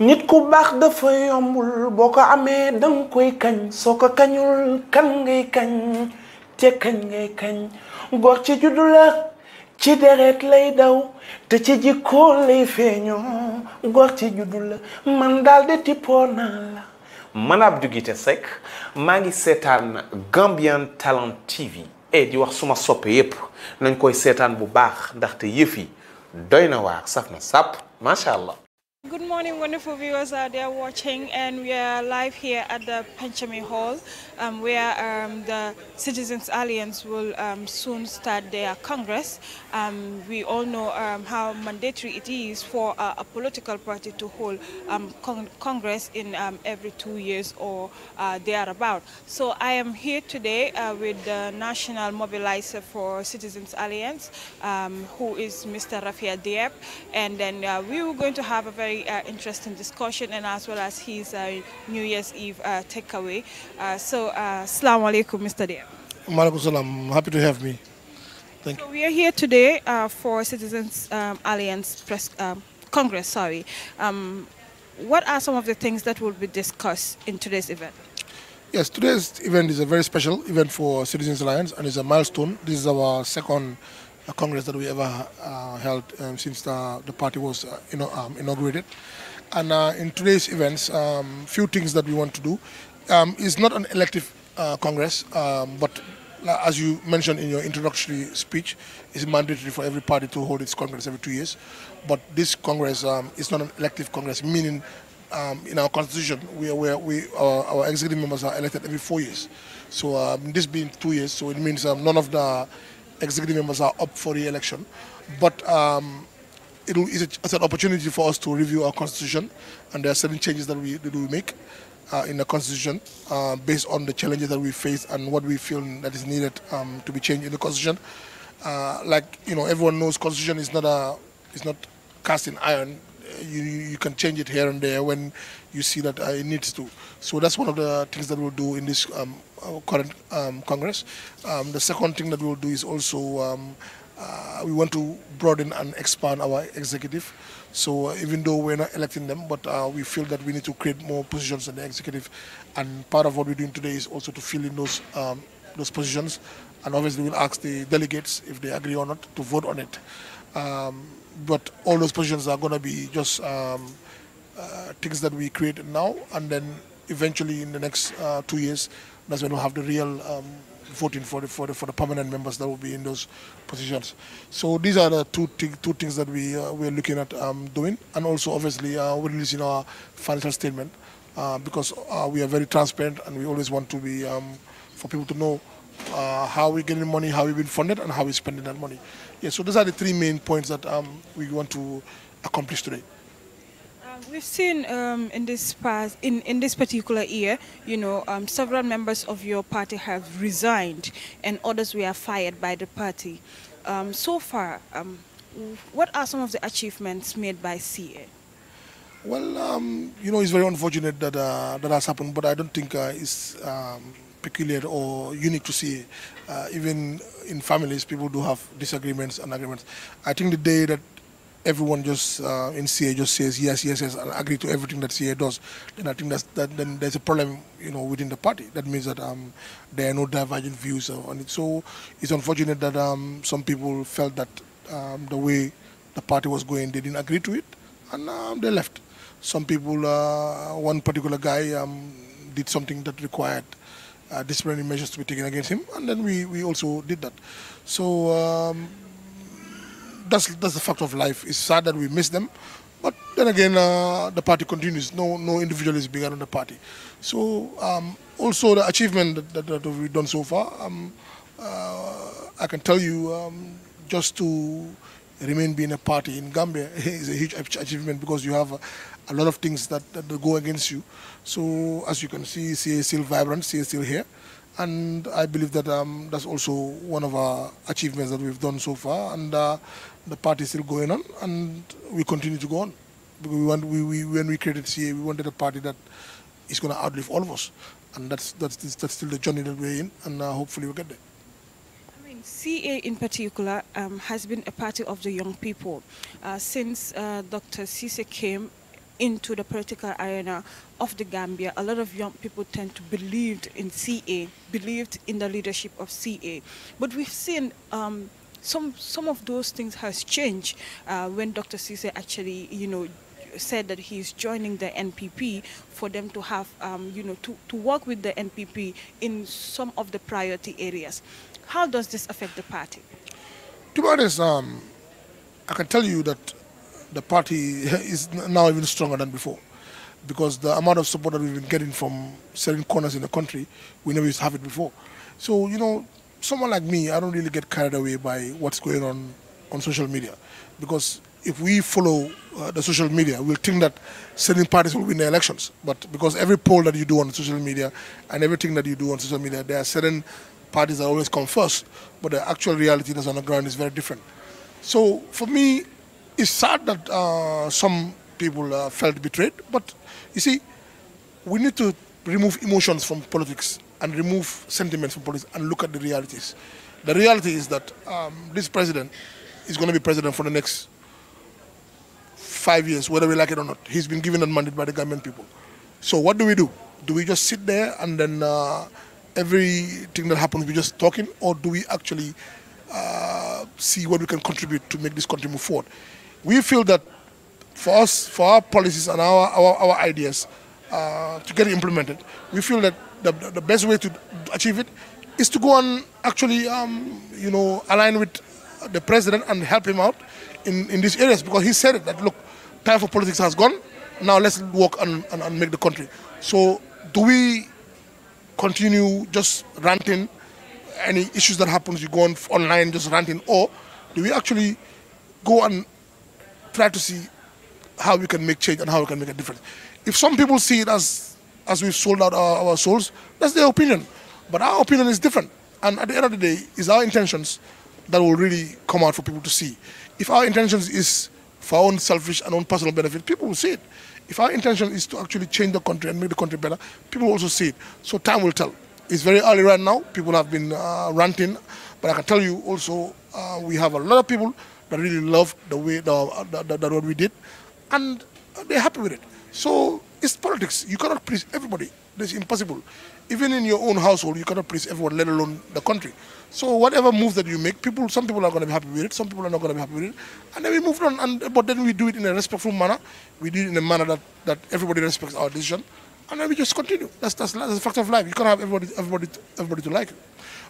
nit ku baax dafa yombul boo ko amee danga koy kañ soo ko kañul kan ngay kañ te kañ ngay kañ góor ci juddu la ci deret lay daw te ci jikkoo lay feeñoo gor ci juddu la man daal de tippoo naa la man Abdou Guité Seck maa ngi seetaan Gambian Talent TV e eh, di wax suma soppe yépp nañ koy seetaan bu baax ndaxte yëf yi doy na waar saf na sàpp macha allah Good morning, wonderful viewers out there watching, and we are live here at the Penchami Hall, um, where um, the Citizens Alliance will um, soon start their Congress. Um, we all know um, how mandatory it is for uh, a political party to hold um, con Congress in every two years or uh, thereabout. So I am here today uh, with the National Mobilizer for Citizens Alliance, who is Mr. Rafia Diep, and then uh, we are going to have a very very uh, interesting discussion and as well as his uh, New Year's Eve uh, takeaway. Uh, so, uh, Assalamu alaikum, Mr. Dev. Malaikum salam. Happy to have me. Thank so you. We are here today uh, for Citizens um, Alliance Press um, Congress. Sorry. Um, what are some of the things that will be discussed in today's event? Yes, today's event is a very special event for Citizens Alliance and it's a milestone. This is our second congress that we ever uh, held um, since the, the, party was uh, you know, um, inaugurated. And uh, in today's events, um, few things that we want to do. Um, it's not an elective uh, congress, um, but uh, as you mentioned in your introductory speech, it's mandatory for every party to hold its congress every two years. But this congress um, is not an elective congress, meaning um, in our constitution, we, we, we our, our, executive members are elected every four years. So um, this being two years, so it means um, none of the executive members are up for re-election. But um, it is it's an opportunity for us to review our constitution, and there are certain changes that we that we make uh, in the constitution uh, based on the challenges that we face and what we feel that is needed um, to be changed in the constitution. Uh, like you know, everyone knows constitution is not a is not cast in iron you, you can change it here and there when you see that uh, it needs to. So that's one of the things that we'll do in this um, current um, Congress. Um, the second thing that we'll do is also um, uh, we want to broaden and expand our executive. So uh, even though we're not electing them, but uh, we feel that we need to create more positions in the executive. And part of what we're doing today is also to fill in those um, those positions. And obviously, we'll ask the delegates if they agree or not to vote on it. Um, but all those positions are going to be just um, uh, things that we create now, and then eventually in the next uh, two years, that's when we'll have the real um, voting for the, for the for the permanent members that will be in those positions. So these are the two th two things that we uh, we're looking at um, doing, and also obviously uh, we're releasing our financial statement uh, because uh, we are very transparent and we always want to be um, for people to know how we're getting money, how we've been funded, and how we're spending that money. Yeah, so those are the three main points that um, we want to accomplish today. Um, we've seen um, in this past, in, in this particular year, you know, um, several members of your party have resigned and others were fired by the party. Um, so far, what are some of the achievements made by CA? Well, you know, it's very unfortunate that uh, that has happened, but I don't think uh, it's peculiar or unique to see. Uh, even in families, people do have disagreements and agreements. I think the day that everyone just uh, in CA just says yes, yes, yes, and agree to everything that CA does, then I think that's, that then there's a problem, you know, within the party. That means that um, there are no divergent views on it. So it's unfortunate that um, some people felt that um, the way the party was going, they didn't agree to it, and um, they left. Some people, uh, one particular guy, um, did something that required uh, disciplinary measures to be taken against him, and then we, we also did that. So um, that's that's the fact of life. It's sad that we miss them, but then again, uh, the party continues. No no individual is bigger than the party. So um, also the achievement that, that, that, we've done so far, um, uh, I can tell you um, just to remain being a party in Gambia is a huge achievement because you have a lot of things that, that go against you. So as you can see, CA is still vibrant, CA is still here. And I believe that um, that's also one of our achievements that we've done so far. And uh, the party is still going on, and we continue to go on. Because we want, we, we, when we created CA, we wanted a party that is going to outlive all of us. And that's, that's, that's still the journey that we're in, and uh, hopefully we'll get there. CA in particular um, has been a party of the young people. Uh, since uh, Dr. Sise came, into the political arena of the Gambia, a lot of young people tend to believe in CA, believed in the leadership of CA. But we've seen um, some some of those things has changed uh, when Dr. Cisse actually, you know, said that he is joining the NPP for them to have, um, you know, to, to work with the NPP in some of the priority areas. How does this affect the party? To be honest, um, I can tell you that the party is now even stronger than before because the amount of support that we've been getting from certain corners in the country, we never used to have it before. So, you know, someone like me, I don't really get carried away by what's going on on social media because if we follow uh, the social media, we'll think that certain parties will win the elections. But because every poll that you do on social media and everything that you do on social media, there are certain parties that always come first, but the actual reality that's on the ground is very different. So for me, it's sad that uh, some people uh, felt betrayed, but you see, we need to remove emotions from politics and remove sentiments from politics and look at the realities. The reality is that um, this president is going to be president for the next five years, whether we like it or not. He's been given that mandate by the government people. So what do we do? Do we just sit there and then uh, everything that happens we're just talking, or do we actually uh, see what we can contribute to make this country move forward? we feel that for us, for our policies and our, our, our ideas uh, to get implemented, we feel that the, the best way to achieve it is to go and actually, um, you know, align with the president and help him out in, in these areas because he said it, that, look, time for politics has gone, now let's work and, and, and make the country. So do we continue just ranting any issues that happens, you go on online just ranting, or do we actually go and try to see how we can make change and how we can make a difference. If some people see it as, as we've sold out our, our souls, that's their opinion. But our opinion is different. And at the end of the day, it's our intentions that will really come out for people to see. If our intentions is for our own selfish and own personal benefit, people will see it. If our intention is to actually change the country and make the country better, people will also see it. So time will tell. It's very early right now. People have been uh, ranting. But I can tell you also, uh, we have a lot of people that really love the way the, the, the, the what we did, and they're happy with it. So it's politics. You cannot please everybody. That's impossible. Even in your own household, you cannot please everyone, let alone the country. So whatever move that you make, people, some people are going to be happy with it, some people are not going to be happy with it, and then we move on. And but then we do it in a respectful manner. We do it in a manner that, that everybody respects our decision, and then we just continue. That's that's, that's a fact of life. You can't have everybody everybody everybody to like it.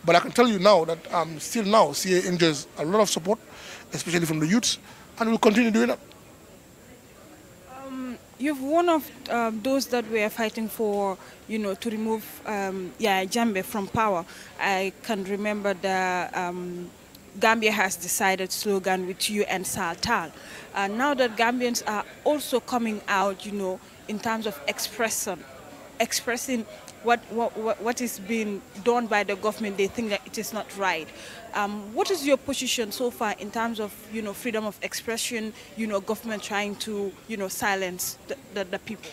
But I can tell you now that um, still now CA enjoys a lot of support especially from the youths, and we'll continue doing that. Um, you've one of um, those that were fighting for, you know, to remove um, yeah, Jambe from power. I can remember the um, Gambia has decided slogan with you and Saltal. Uh, now that Gambians are also coming out, you know, in terms of expression, expressing what, what, what is being done by the government, they think that it is not right. Um, what is your position so far in terms of, you know, freedom of expression, you know, government trying to, you know, silence the, the, the people?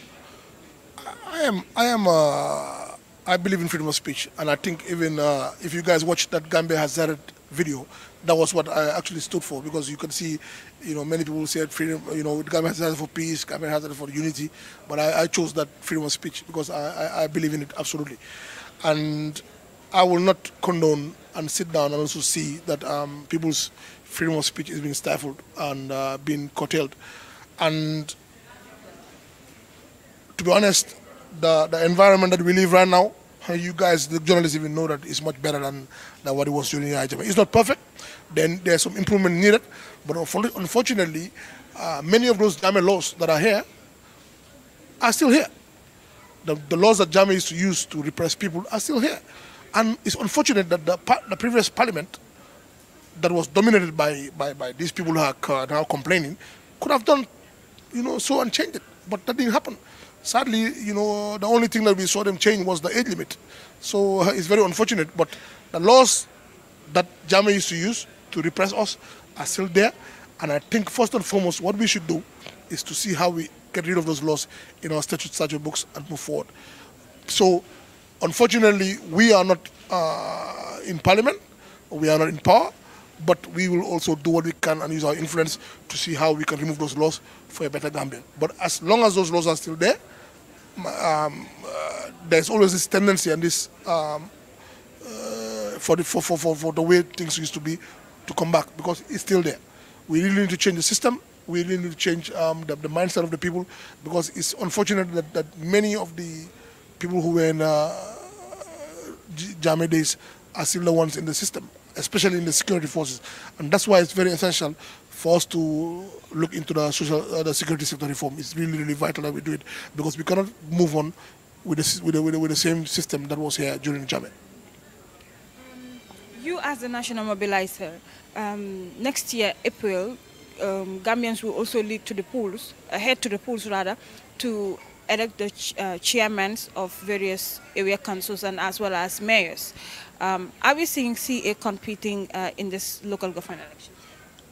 I am, I am, uh, I believe in freedom of speech. And I think even uh, if you guys watch that Gambia Hazard video, that was what I actually stood for because you can see you know, many people said freedom, you know, the government has for peace, government has for unity, but I, I, chose that freedom of speech because I, I, believe in it absolutely. And I will not condone and sit down and also see that um, people's freedom of speech is being stifled and uh, being curtailed. And to be honest, the, the environment that we live right now, you guys, the journalists even know that it's much better than, than what it was during the IGP. It's not perfect, then there's some improvement needed, but unfortunately, uh, many of those Jame laws that are here are still here. The, the laws that Jame used to use to repress people are still here. And it's unfortunate that the, the previous parliament that was dominated by, by, by these people who are now complaining could have done, you know, so and changed it. But that didn't happen. Sadly, you know, the only thing that we saw them change was the age limit. So uh, it's very unfortunate. But the laws that Jame used to use to repress us are still there. And I think first and foremost, what we should do is to see how we get rid of those laws in our statute statute books and move forward. So, unfortunately, we are not uh, in parliament, we are not in power, but we will also do what we can and use our influence to see how we can remove those laws for a better Gambia. But as long as those laws are still there, um, uh, there's always this tendency and this um, uh, for, the, for, for, for, for the way things used to be to come back because it's still there. We really need to change the system. We really need to change um, the, the, mindset of the people because it's unfortunate that, that many of the people who were in uh, Jame days are still the ones in the system, especially in the security forces. And that's why it's very essential for us to look into the social, uh, the security sector reform. It's really, really vital that we do it because we cannot move on with the, with the, with the, with the same system that was here during Jame as the national mobilizer, um, next year, April, um, Gambians will also lead to the polls, uh, to the polls rather, to elect the ch uh, chairmen of various area councils and as well as mayors. Um, are we seeing CA competing uh, in this local government election?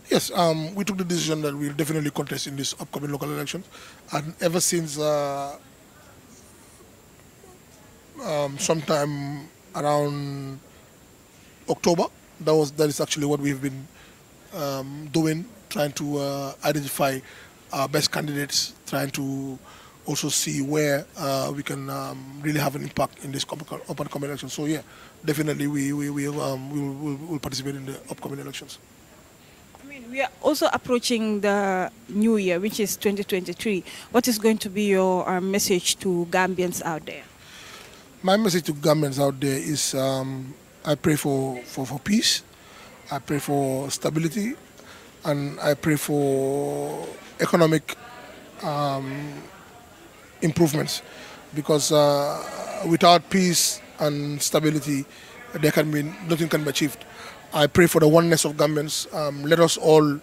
Yes, um, we took the decision that we'll definitely contest in this upcoming local election. And ever since uh, um, sometime around October. That was that is actually what we've been um, doing, trying to uh, identify our best candidates, trying to also see where uh, we can um, really have an impact in this upcoming com election. So yeah, definitely we we will um, will we'll, we'll participate in the upcoming elections. I mean, we are also approaching the new year, which is 2023. What is going to be your uh, message to Gambians out there? My message to Gambians out there is um, I pray for, for, for peace, I pray for stability, and I pray for economic um, improvements because uh, without peace and stability, there can be nothing can be achieved. I pray for the oneness of governments. Um, let us all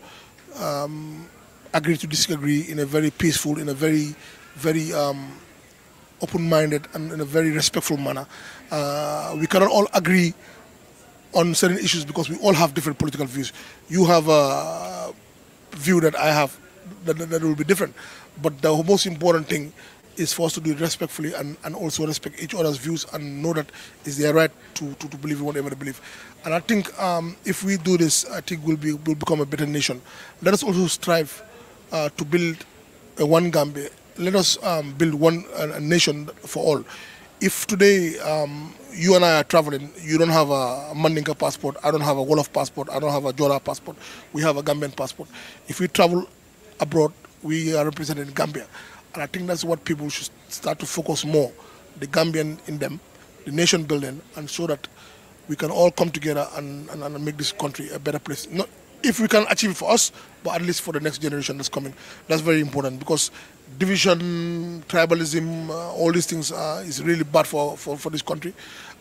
um, agree to disagree in a very peaceful, in a very, very um, open-minded and in a very respectful manner. Uh, we cannot all agree on certain issues because we all have different political views. You have a view that I have that, that, that will be different. But the most important thing is for us to do it respectfully and, and also respect each other's views and know that it's their right to, to, to believe whatever they believe. And I think um, if we do this, I think we'll, be, we'll become a better nation. Let us also strive uh, to build a one Gambia. Let us um, build one nation for all if today um, you and I are traveling, you don't have a Mandinka passport, I don't have a Wolof passport, I don't have a Jola passport, we have a Gambian passport. If we travel abroad, we are representing Gambia. And I think that's what people should start to focus more, the Gambian in them, the nation building, and so that we can all come together and, and, and make this country a better place. Not if we can achieve it for us, but at least for the next generation that's coming. That's very important because division, tribalism, uh, all these things uh, is really bad for, for, for this country.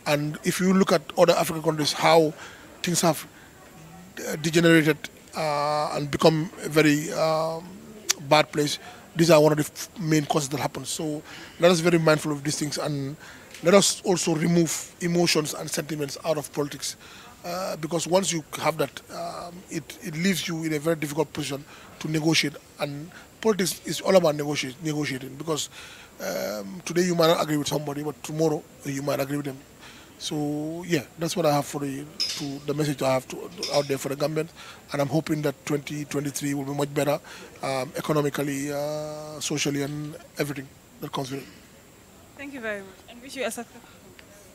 And if you look at other African countries, how things have uh, degenerated uh, and become a very um, bad place, these are one of the main causes that happen. So let us be very mindful of these things and let us also remove emotions and sentiments out of politics. Uh, because once you have that, um, it, it leaves you in a very difficult position to negotiate. And politics is all about negotiate, negotiating because um, today you might not agree with somebody, but tomorrow you might agree with them. So yeah, that's what I have for the to, the message I have to, out there for the government. and I'm hoping that 2023 will be much better, um, economically, uh, socially, and everything that comes with it. Thank you very much, and wish you a successful.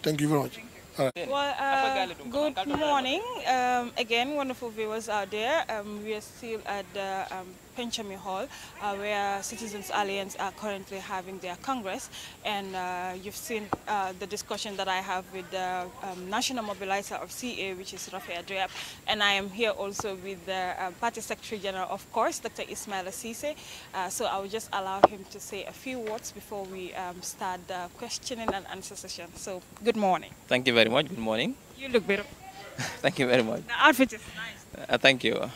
Thank you very much. Well, uh, good morning um, again, wonderful viewers out there. Um, we are still at the um, Penchami Hall, uh, where Citizens Alliance are currently having their Congress. And uh, you've seen uh, the discussion that I have with the um, National Mobilizer of CA, which is Rafael Adriab. And I am here also with the uh, Party Secretary General, of course, Dr. Ismail Asise. Uh, so I will just allow him to say a few words before we um, start the questioning and answer session. So good morning. Thank you very much. Good morning. You look beautiful. thank you very much. The outfit is nice. Uh, thank you.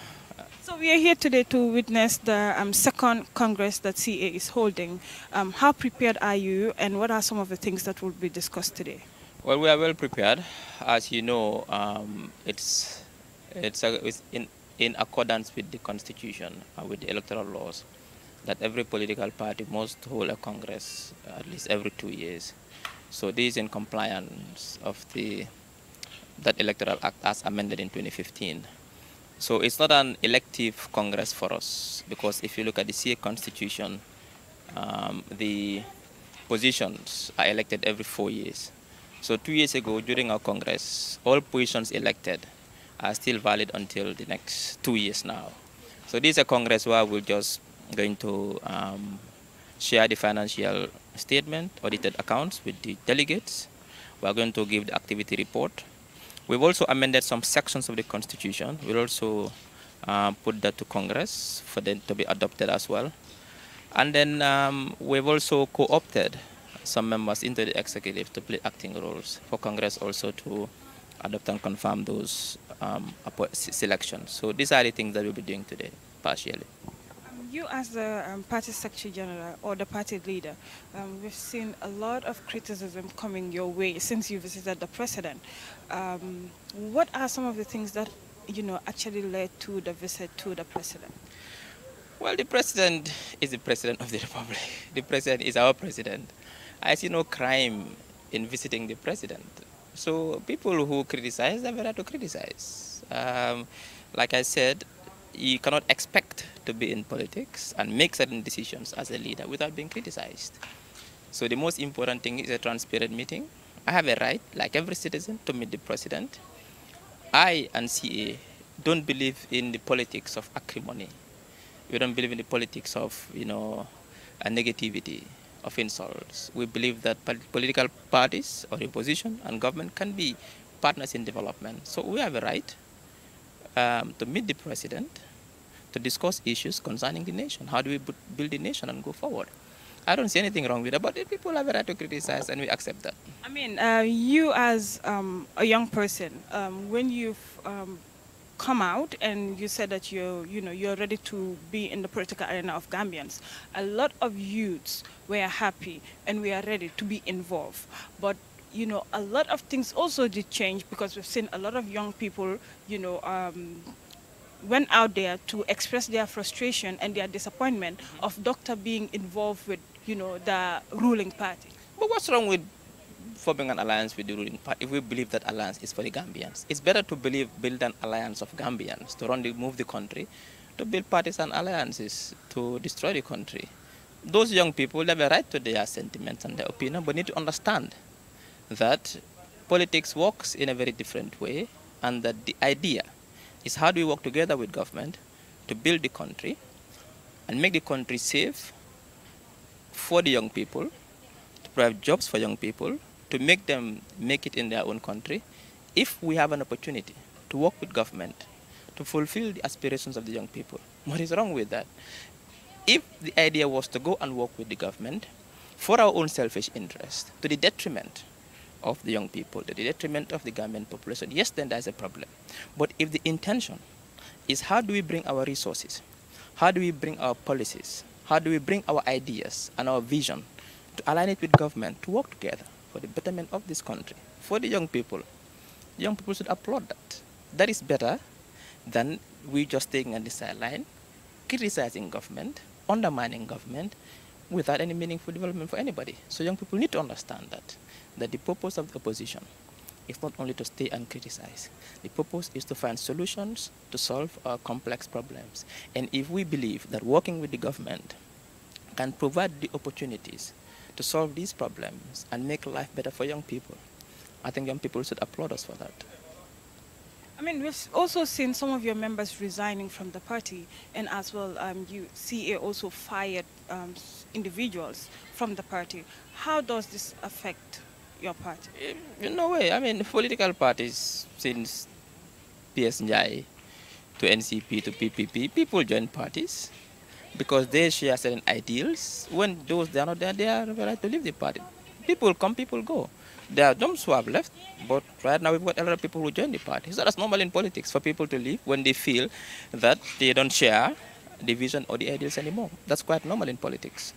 So we are here today to witness the um, second Congress that CA is holding. Um, how prepared are you and what are some of the things that will be discussed today? Well, we are well prepared. As you know, um, it's, it's, a, it's, in, in accordance with the Constitution and with the electoral laws that every political party must hold a Congress at least every two years. So this is in compliance of the that Electoral Act as amended in 2015. So it's not an elective Congress for us because if you look at the CA Constitution, um, the positions are elected every four years. So two years ago, during our Congress, all positions elected are still valid until the next two years now. So this is a Congress where we're just going to um, share the financial statement, audited accounts with the delegates. We're going to give the activity report We've also amended some sections of the Constitution. We'll also uh, put that to Congress for them to be adopted as well. And then um, we've also co-opted some members into the executive to play acting roles for Congress also to adopt and confirm those um, selections. So these are the things that we'll be doing today, partially. Um, you as the um, party secretary general or the party leader, um, we've seen a lot of criticism coming your way since you visited the president um, what are some of the things that you know actually led to the visit to the president? Well, the president is the president of the republic. The president is our president. I see no crime in visiting the president. So people who criticize, they're to criticize. Um, like I said, you cannot expect to be in politics and make certain decisions as a leader without being criticized. So the most important thing is a transparent meeting I have a right, like every citizen, to meet the president. I and CA don't believe in the politics of acrimony. We don't believe in the politics of, you know, negativity, of insults. We believe that political parties or opposition and government can be partners in development. So we have a right um, to meet the president to discuss issues concerning the nation. How do we build the nation and go forward? I don't see anything wrong with it, but people have a right to criticize and we accept that. I mean, uh, you as um, a young person, um, when you've um, come out and you said that you're, you know, you're ready to be in the political arena of Gambians, a lot of youths were happy and we are ready to be involved. But you know, a lot of things also did change because we've seen a lot of young people, you know, um, went out there to express their frustration and their disappointment of doctor being involved with you know, the ruling party. But what's wrong with forming an alliance with the ruling party if we believe that alliance is for the Gambians? It's better to believe, build an alliance of Gambians to run the, move the country, to build parties and alliances to destroy the country. Those young people have a right to their sentiments and their opinion, but need to understand that politics works in a very different way and that the idea is how do we work together with government to build the country and make the country safe for the young people, to provide jobs for young people, to make them make it in their own country. If we have an opportunity to work with government to fulfill the aspirations of the young people, what is wrong with that? If the idea was to go and work with the government for our own selfish interest, to the detriment of the young people, to the detriment of the government population, yes, then there is a problem. But if the intention is how do we bring our resources, how do we bring our policies, how do we bring our ideas and our vision to align it with government to work together for the betterment of this country, for the young people? Young people should applaud that. That is better than we just staying on the sideline, criticizing government, undermining government without any meaningful development for anybody. So young people need to understand that, that the purpose of the opposition is not only to stay and criticize. The purpose is to find solutions to solve our complex problems. And if we believe that working with the government can provide the opportunities to solve these problems and make life better for young people, I think young people should applaud us for that. I mean, we've also seen some of your members resigning from the party, and as well, um, you CA also fired um, individuals from the party. How does this affect your party? In no way. I mean, the political parties since PS Njai to NCP to PPP, people join parties because they share certain ideals. When those they are not there, they are right to leave the party. People come, people go. There are those who have left, but right now we've got a lot of people who join the party. So that's normal in politics for people to leave when they feel that they don't share the vision or the ideals anymore. That's quite normal in politics.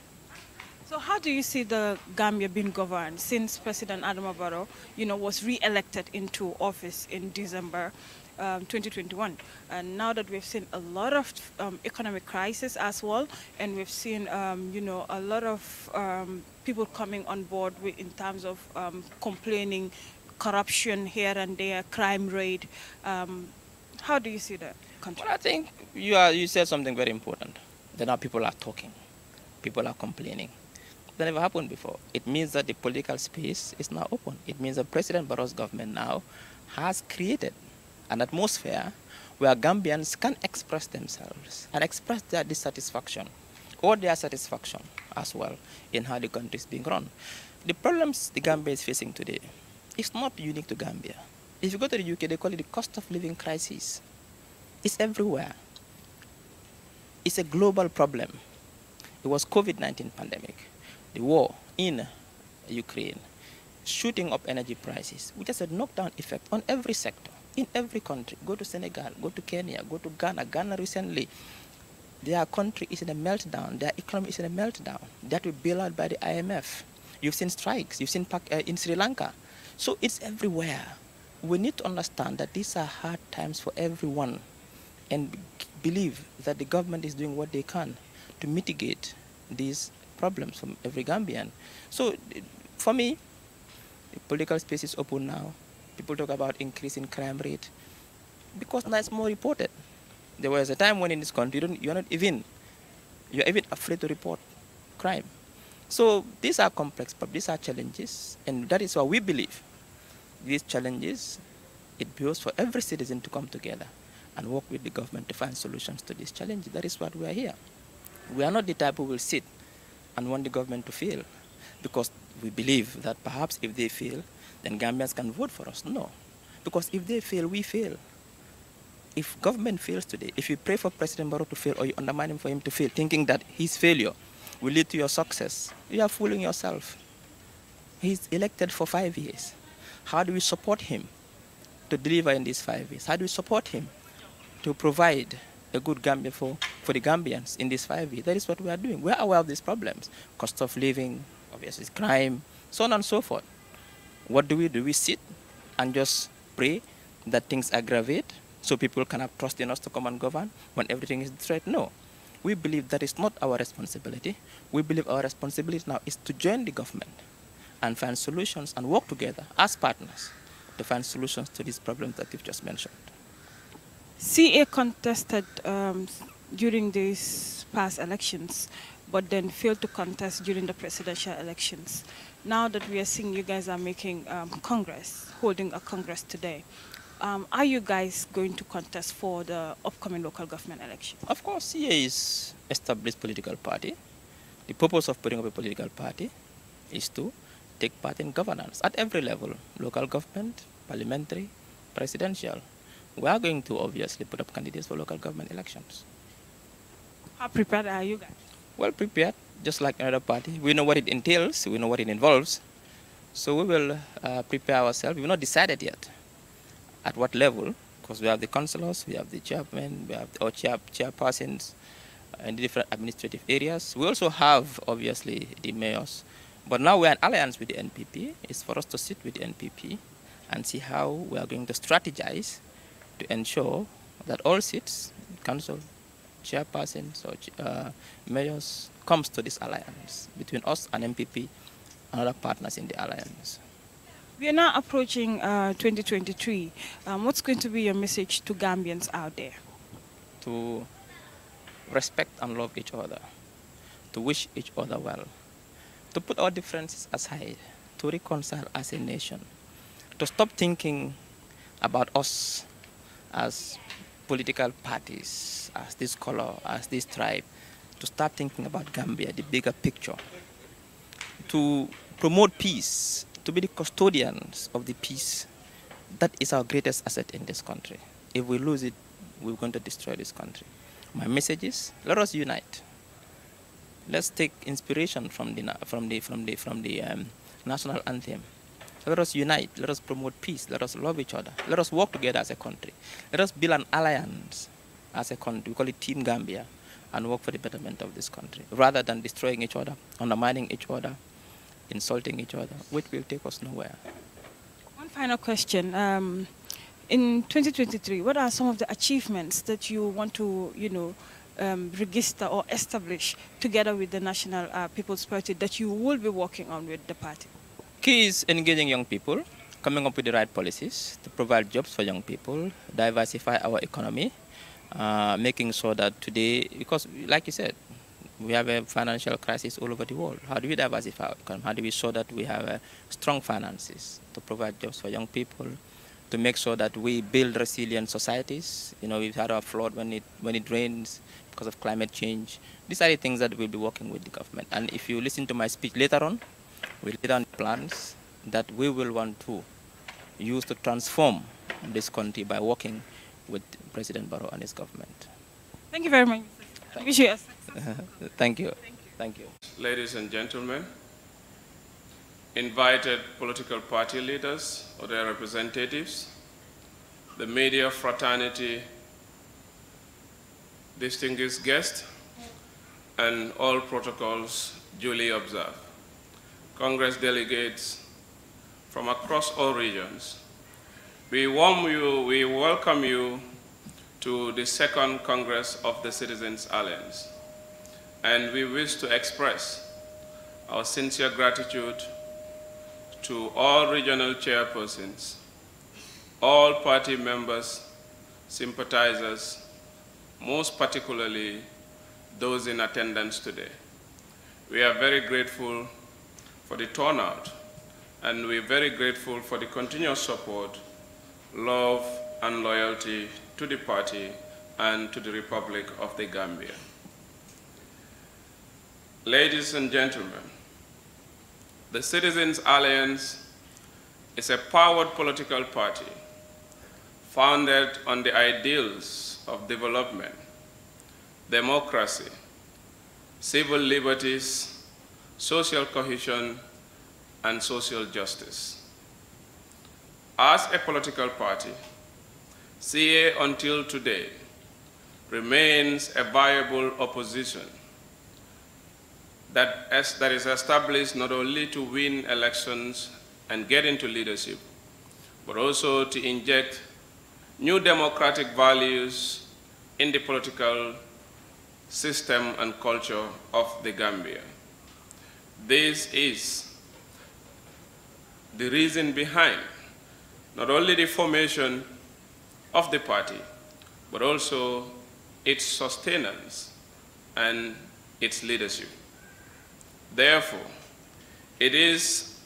So how do you see the Gambia being governed since President Adama Barrow, you know, was re-elected into office in December um, 2021? And now that we've seen a lot of um, economic crisis as well, and we've seen, um, you know, a lot of um, people coming on board with, in terms of um, complaining, corruption here and there, crime rate. Um, how do you see that? Country? Well, I think you, are, you said something very important. That now people are talking, people are complaining that never happened before. It means that the political space is now open. It means that President Barrow's government now has created an atmosphere where Gambians can express themselves and express their dissatisfaction or their satisfaction as well in how the country is being run. The problems the Gambia is facing today is not unique to Gambia. If you go to the UK, they call it the cost of living crisis. It's everywhere. It's a global problem. It was COVID-19 pandemic the war in Ukraine, shooting up energy prices, which has a knockdown effect on every sector, in every country. Go to Senegal, go to Kenya, go to Ghana. Ghana recently, their country is in a meltdown, their economy is in a meltdown. That will be allowed by the IMF. You've seen strikes, you've seen uh, in Sri Lanka. So it's everywhere. We need to understand that these are hard times for everyone and believe that the government is doing what they can to mitigate these problems from every Gambian. So for me, the political space is open now. People talk about increasing crime rate because now it's more reported. There was a time when in this country you are not even you're even afraid to report crime. So these are complex, but these are challenges, and that is why we believe these challenges it builds for every citizen to come together and work with the government to find solutions to these challenges. That is what we are here. We are not the type who will sit and want the government to fail because we believe that perhaps if they fail, then Gambians can vote for us. No, because if they fail, we fail. If government fails today, if you pray for President Barrow to fail or you undermine him for him to fail, thinking that his failure will lead to your success, you are fooling yourself. He's elected for five years. How do we support him to deliver in these five years? How do we support him to provide a good Gambia for, for the Gambians in this five years. That is what we are doing. We are aware of these problems. Cost of living, obviously crime, so on and so forth. What do we do? We sit and just pray that things aggravate so people can have trust in us to come and govern when everything is threat. No. We believe that is not our responsibility. We believe our responsibility now is to join the government and find solutions and work together as partners to find solutions to these problems that you've just mentioned. CA contested um, during these past elections, but then failed to contest during the presidential elections. Now that we are seeing you guys are making um, Congress, holding a Congress today, um, are you guys going to contest for the upcoming local government election? Of course, CA is established political party. The purpose of putting up a political party is to take part in governance at every level, local government, parliamentary, presidential we are going to obviously put up candidates for local government elections. How prepared are you guys? Well prepared, just like another party. We know what it entails, we know what it involves. So we will uh, prepare ourselves. We've not decided yet at what level, because we have the councillors, we have the chairman, we have our chair, chairpersons in the different administrative areas. We also have, obviously, the mayors. But now we're in alliance with the NPP. It's for us to sit with the NPP and see how we are going to strategize to ensure that all seats, council, chairpersons or uh, mayors comes to this alliance between us and MPP and other partners in the alliance. We are now approaching uh, 2023. Um, what's going to be your message to Gambians out there? To respect and love each other, to wish each other well, to put our differences aside, to reconcile as a nation, to stop thinking about us as political parties, as this color, as this tribe, to start thinking about Gambia, the bigger picture, to promote peace, to be the custodians of the peace. That is our greatest asset in this country. If we lose it, we're going to destroy this country. My message is, let us unite. Let's take inspiration from the, from the, from the, from the um, national anthem let us unite. Let us promote peace. Let us love each other. Let us work together as a country. Let us build an alliance as a country. We call it Team Gambia and work for the betterment of this country rather than destroying each other, undermining each other, insulting each other, which will take us nowhere. One final question. Um, in 2023, what are some of the achievements that you want to, you know, um, register or establish together with the National uh, People's Party that you will be working on with the party? key is engaging young people, coming up with the right policies to provide jobs for young people, diversify our economy, uh, making sure that today, because like you said, we have a financial crisis all over the world. How do we diversify our economy? How do we show that we have uh, strong finances to provide jobs for young people, to make sure that we build resilient societies? You know, we've had our flood when it, when it rains because of climate change. These are the things that we'll be working with the government. And if you listen to my speech later on, we laid down plans that we will want to use to transform this country by working with President Barrow and his government. Thank you very much. Thank you. Thank you. Thank you. Thank you. Ladies and gentlemen, invited political party leaders or their representatives, the media fraternity, distinguished guests, and all protocols duly observed. Congress delegates from across all regions, we, warm you, we welcome you to the second Congress of the Citizens Alliance, and we wish to express our sincere gratitude to all regional chairpersons, all party members, sympathizers, most particularly those in attendance today. We are very grateful for the turnout, and we're very grateful for the continuous support, love, and loyalty to the party and to the Republic of the Gambia. Ladies and gentlemen, the Citizens Alliance is a powered political party founded on the ideals of development, democracy, civil liberties, social cohesion, and social justice. As a political party, CA until today remains a viable opposition that is established not only to win elections and get into leadership, but also to inject new democratic values in the political system and culture of the Gambia. This is the reason behind not only the formation of the party, but also its sustenance and its leadership. Therefore, it is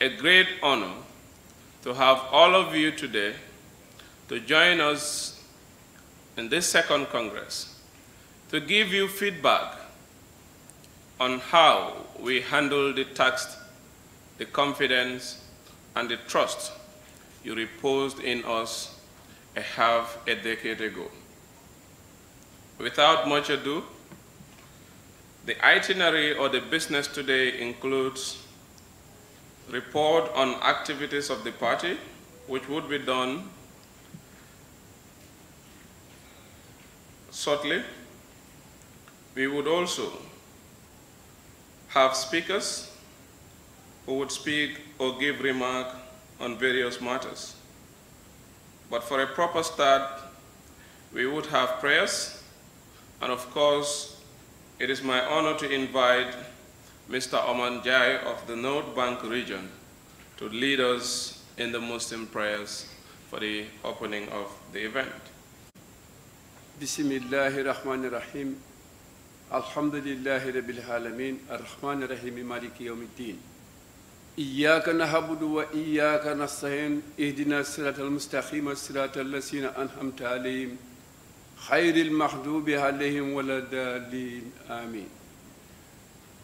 a great honor to have all of you today to join us in this second Congress to give you feedback on how we handle the trust, the confidence, and the trust you reposed in us a half a decade ago. Without much ado, the itinerary or the business today includes report on activities of the party, which would be done shortly. We would also have speakers who would speak or give remark on various matters. But for a proper start, we would have prayers, and of course, it is my honor to invite Mr. Oman Jai of the North Bank region to lead us in the Muslim prayers for the opening of the event. r-Rahim. الحمد لله رب العالمين الرحمن الرحيم مالك يوم الدين إياك نعبد وإياك نستعين اهدنا الصراط المستقيم الصراط الذين أنعمت عليهم خير المحدوب عليهم ولا الضالين آمين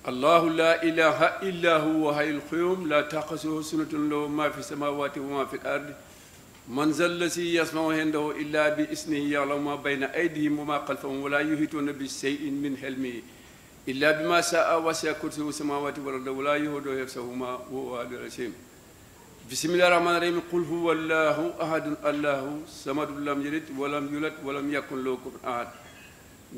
الله لا إله إلا هو حي القيوم لا تأخذه سنة له ما في السماوات وما في الأرض من ذا الذي يسمع عنده إلا باسمه يعلم ما بين أيديهم وما خلفهم ولا يهتون بشيء من حلمه إلا بما ساء وسع كرسيه السماوات والأرض ولا يهود يفسهما وهو على العليم بسم الله الرحمن الرحيم قل هو الله أحد الله الصمد لم يلد ولم يولد ولم يكن له كفوا أحد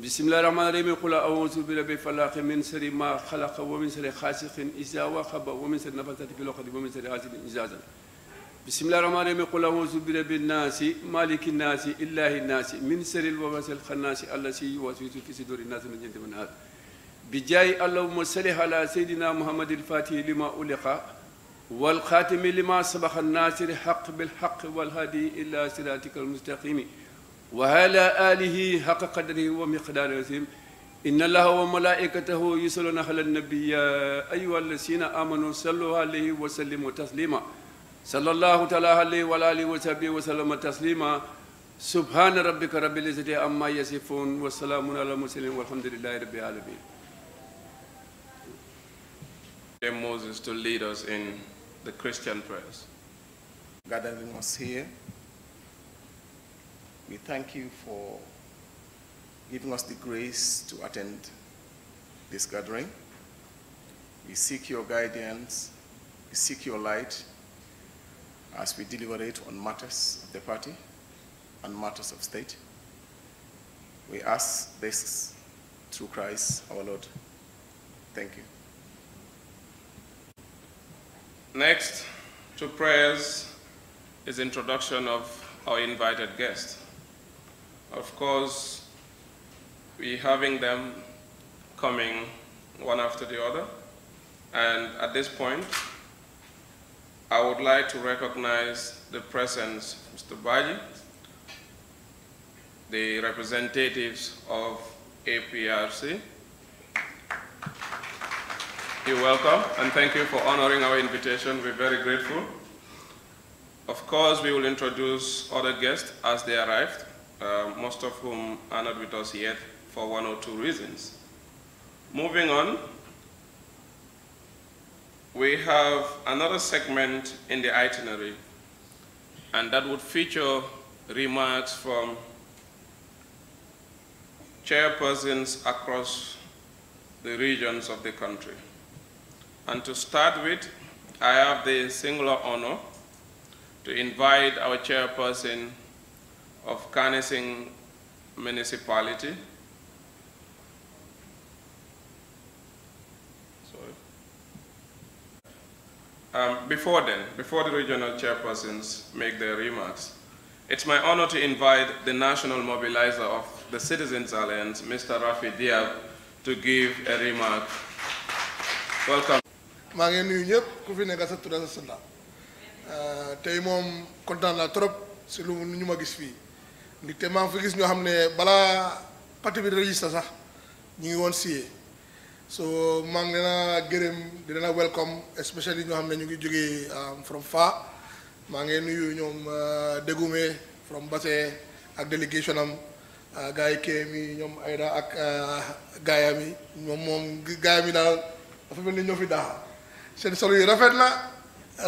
بسم الله الرحمن الرحيم قل أعوذ برب الفلاق من شر ما خلق ومن شر خاسق إذا وقب ومن شر نفثات في العقد ومن شر حاسد إذا زلق بسم الله الرحمن الرحيم قل أعوذ برب الناس مالك الناس إله الناس من سر الوسواس الخناس الذي يوسوس في صدور الناس من جنة من هذا بجاي اللهم صل على سيدنا محمد الفاتح لما أغلق والخاتم لما سبق الناصر حق بالحق والهادي إلى صراطك المستقيم وعلى آله حق قدره ومقداره العظيم إن الله وملائكته يصلون على النبي يا أيها الذين آمنوا صلوا عليه وسلموا تسليما sallallahu ta'ala alayhi wa alihi wa sahbihi wa sallam taslima subhana rabbika rabbil izzati amma yasifun wa salamun ala mursalin walhamdulillahi rabbil alamin Moses to lead us in the Christian prayers gathering us here we thank you for giving us the grace to attend this gathering. We seek your guidance, we seek your light, as we deliberate on matters of the party and matters of state. We ask this through Christ our Lord. Thank you. Next to prayers is introduction of our invited guests. Of course, we having them coming one after the other. And at this point, I would like to recognize the presence of Mr. Baji, the representatives of APRC. You're welcome, and thank you for honoring our invitation. We're very grateful. Of course, we will introduce other guests as they arrived, uh, most of whom are not with us yet for one or two reasons. Moving on, we have another segment in the itinerary, and that would feature remarks from chairpersons across the regions of the country. And to start with, I have the singular honor to invite our chairperson of Kanesing Municipality, Um, before then, before the regional chairpersons make their remarks, it's my honor to invite the national mobilizer of the Citizens Alliance, Mr. Rafi Diab, to give a remark. Welcome. so maa ngi leen a gërëm di leen a welcome especially ñoo xam ne ñu ngi jógee um, from fa maa ngi nuyu ñoom uh, Dégoumé from Basse ak délégation am uh, gars yi kéem yi ñoom Aïda ak uh, gaayam yi moom moom gaayam yi daal dafa mel ni ñoo fi daax seen solo yi rafet na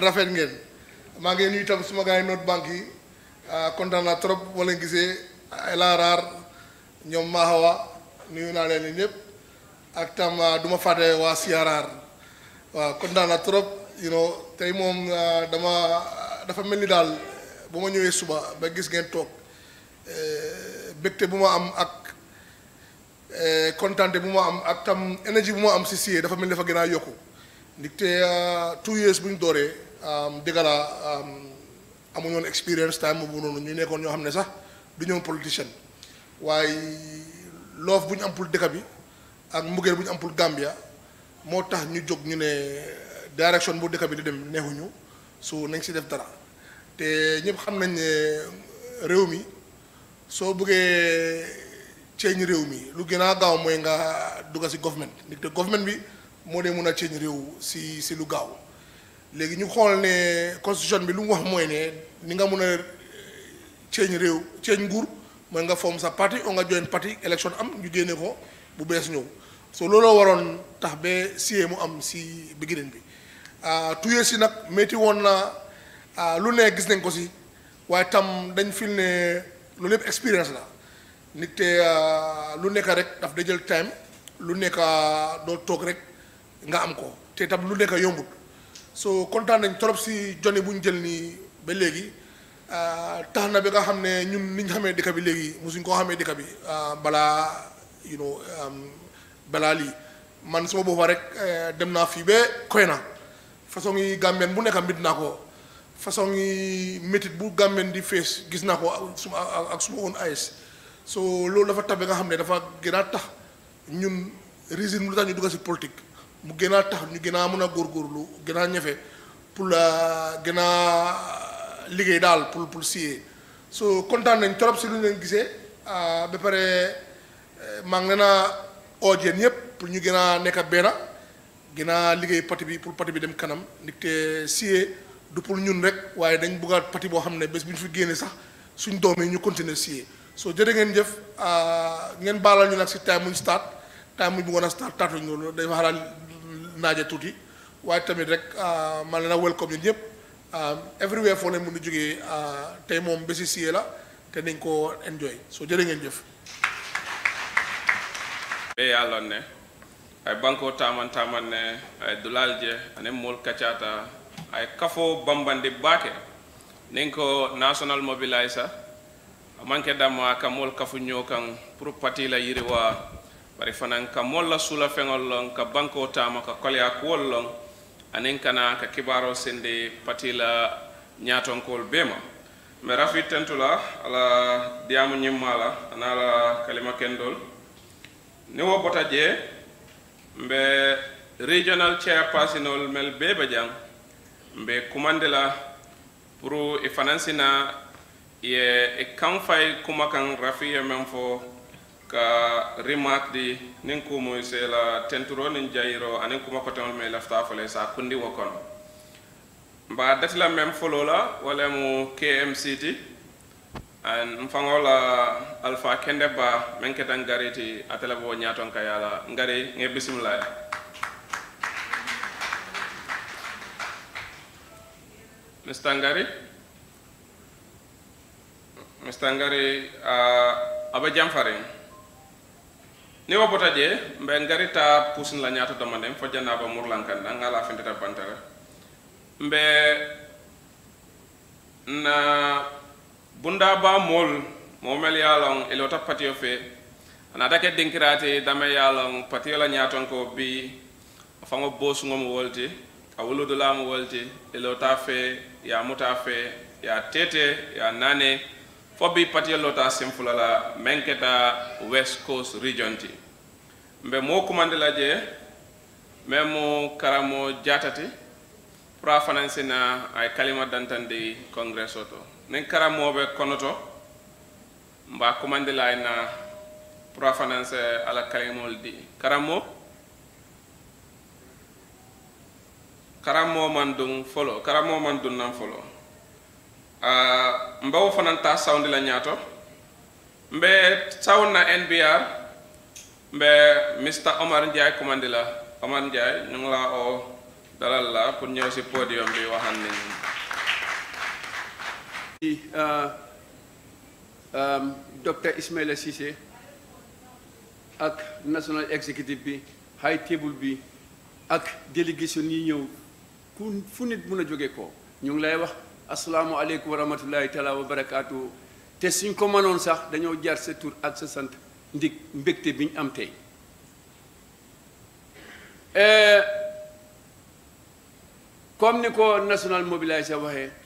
rafet ngeen maa ngi nuyu tam suma gars yi note banque yi kontaan naa trop walla wala gisee ay laaraar ñoom Mahawa nuyu naa leen yëpp ak tam ah, duma ma fàtte waa Siaraar waaw kontaan trop you know tey moom ah, dama dafa mel ni daal bu ma ñëwee suba ba gis ngeen toog eh, bégte bu ma am ak eh, kontaante bu ma am ak tam énergie bu ma am si dafa mel ni dafa gën a yokku ndaxte ah, two years bu ñu dooree dëgg la amuñu woon experience time bu noonu ñu nekkoon ñoo xam ne sax du ñoom politicien waaye loof bu ñu am pour dëkk bi. ak mbuggeel bu ñu am pour Gambia moo tax ñu jóg ñu ne direction bu dëkk bi di dem neexuñu su nañ si def dara te ñëpp xam nañ ne réew mi soo bëggee ceeñ réew mi lu gën a gaaw mooy nga dugg si government ndig te government bi moo dee mun a ceeñ réew si si lu gaaw léegi ñu xool ne constitution bi lu mu wax mooy ne ni nga mun a ceeñ réew ceeñ nguur mooy nga foom sa parti o nga join parti élection am ñu génne ko bu bees ñëw so looloo waroon tax ba siyee mu am si beginning bi ah, tuyee si nag métti woon na ah, lu ne gis nañ ko si waaye tam dañ fil ne loolu yëpp expérience la nit te ah, lu nekk rek daf da jël time lu nekk doo toog rek nga am ko te tam lu nekk yombut so kontaan nañ trop si jone bu ñu jël nii ba léegi tax na bi nga xam ne ñun niñ xamee dëkk bi léegi suñ koo xamee dëkk bi balaa you know um, balaa man suma booba rek eh, dem naa fii ba koy na façon yi gàmbeen bu nekk mbit naa ko façon yi métit bu gàmbeen di fees gis naa ko suma ak suma own eyes so loolu dafa tax nga xam ne dafa gën a tax ñun résine lu tax ñu dugg si politique mu gën a tax ñu gën a mën a góorgóorlu gën a ñefe pour la gën a liggéey daal pour pour siyee so kontaan nañ trop si lu leen gisee ah, ba pare maa ngi leen a oo yëpp pour ñu gën a nekk benn gën a liggéey parti bi pour parti bi dem kanam ndaxte siyee du pour ñun rek waaye dañ buggaat a boo xam ne bés bu fi génnee sax suñ doom yi ñu continuer siyee soo jërë ngeen jëf ah, ngeen baalal ñu nag si time muñ start time muñ bëggoon a start taatuñ loolu day wax daal naaje tuuti waaye tamit rek ah, maa leen a welcome ñun ñëpp ah, everywhere foo leen mën a jógee tey moom bési siyee la te dañ ko enjoy soo jërë ngeen jëf. ɓe yalon ne ay banko taman taman ne ay dulal je anen mol kacata ay kafo bambande baake nin ko national mobilisa amanke dama ka mol kafu ñoo pour pati la yiriwa bari fanan ka mol la sula feŋol ka banko tama ka kolya kuwol lon anin kana ka kibaro sindi pati la ñatonkol bema mais rafi tentula ala diyamu ñimma la ana la kalima kendol niwo bota je mbe regional chairperson ol mel beba jang mbe kumandela pour e fanansina ye e kan fay kuma kan rafiya men fo ka remark di nin kumo se la tenturo nin jayiro anin kuma koteŋol me lafta fole sa kundi wo kono mba datila mem folo la wala mu kmct an fangola alfa kende ba men ketan gariti atele bo nyaton kayala ngari nge bismillah Mr. Ngari Mr. Ngari uh, aba jamfare ni wo je mbe ngari ta pusin la nyato damandem fo ba murlankan kanda ngala bantara mbe na bunda ba mol momel ya lon elota patio fe anata ke dinkirate dame ya lon patio la nyaton ko bi fango bos ngom wolti a wuludu lamu wolti elota fe ya muta fe ya tete ya nane fo bi patio lota simple la menketa west coast region ti mbe mo kumande la je memo karamo jatati financer na ay kalima dantande congress to kara mobe konoto mba kumandila na ina profanance ala kalimol di karamo karamo mandung follow folo karamo man dun nan folo mba wo fanan ta sawndi la nyato mbe sawna nbr mbe mr omar ndiaye kumandi la omar ndiaye ñu la o dalal la pour ñew ci podium bi waxan ni di euh, euh, docteur Ismaila Cissé ak national executive bi high table bi ak délégation yi ñëw ku fu nit mun a jóge ko ñu ngi lay wax asalaamualeykum wa rahmatullahi taala wa barakaatu te suñ ko mënoon sax dañoo jaar sa tur ak sa sant ndig mbégte bi ñu am tey euh, comme ni ko national mobilisation waxe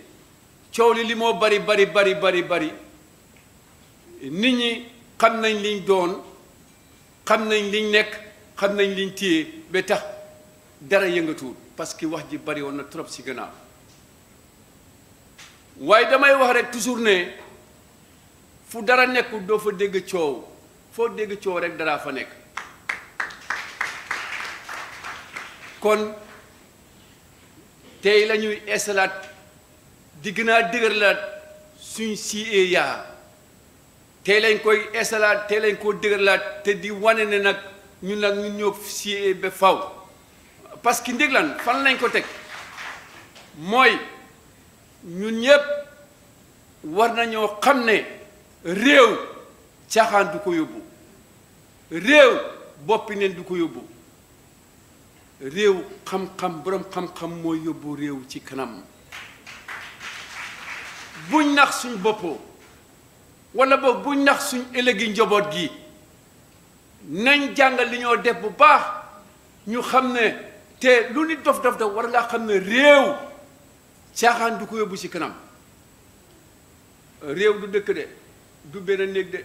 coow li li moo bari bari bari bari bari nit ñi xam nañ liñ doon xam nañ liñ nekk xam nañ liñ téye ba tax dara yëngatuwul parce que wax ji bari woon na trop ci gannaaw waaye damay wax rek toujours ne fu dara nekkul doo fa dégg coow foo dégg coow rek daraa fa nekk kon tey lañuy ñuy di gën a dëgër la suñ CA yaa tey lañ koy esalaat tey lañ koo dëgër te di wane ne nag ñun nag ñun ñoo CA ba faw parce que ndéglan fan lañ ko teg mooy ñun ñëpp war nañoo xam ne réew caaxaan du ko yóbbu réew boppi neen du ko yóbbu réew xam-xam boroom xam-xam mooy yóbbu réew ci kanam buñ nax suñ bopp wala boog buñ nax suñ ëllëgi njaboot gi nañ jàngal li ñoo def bu baax ñu xam ne te lu nit dof dof dof war ngaa xam ne réew caaxaan du ko yóbbu ci kanam réew du dëkk de du benn néeg de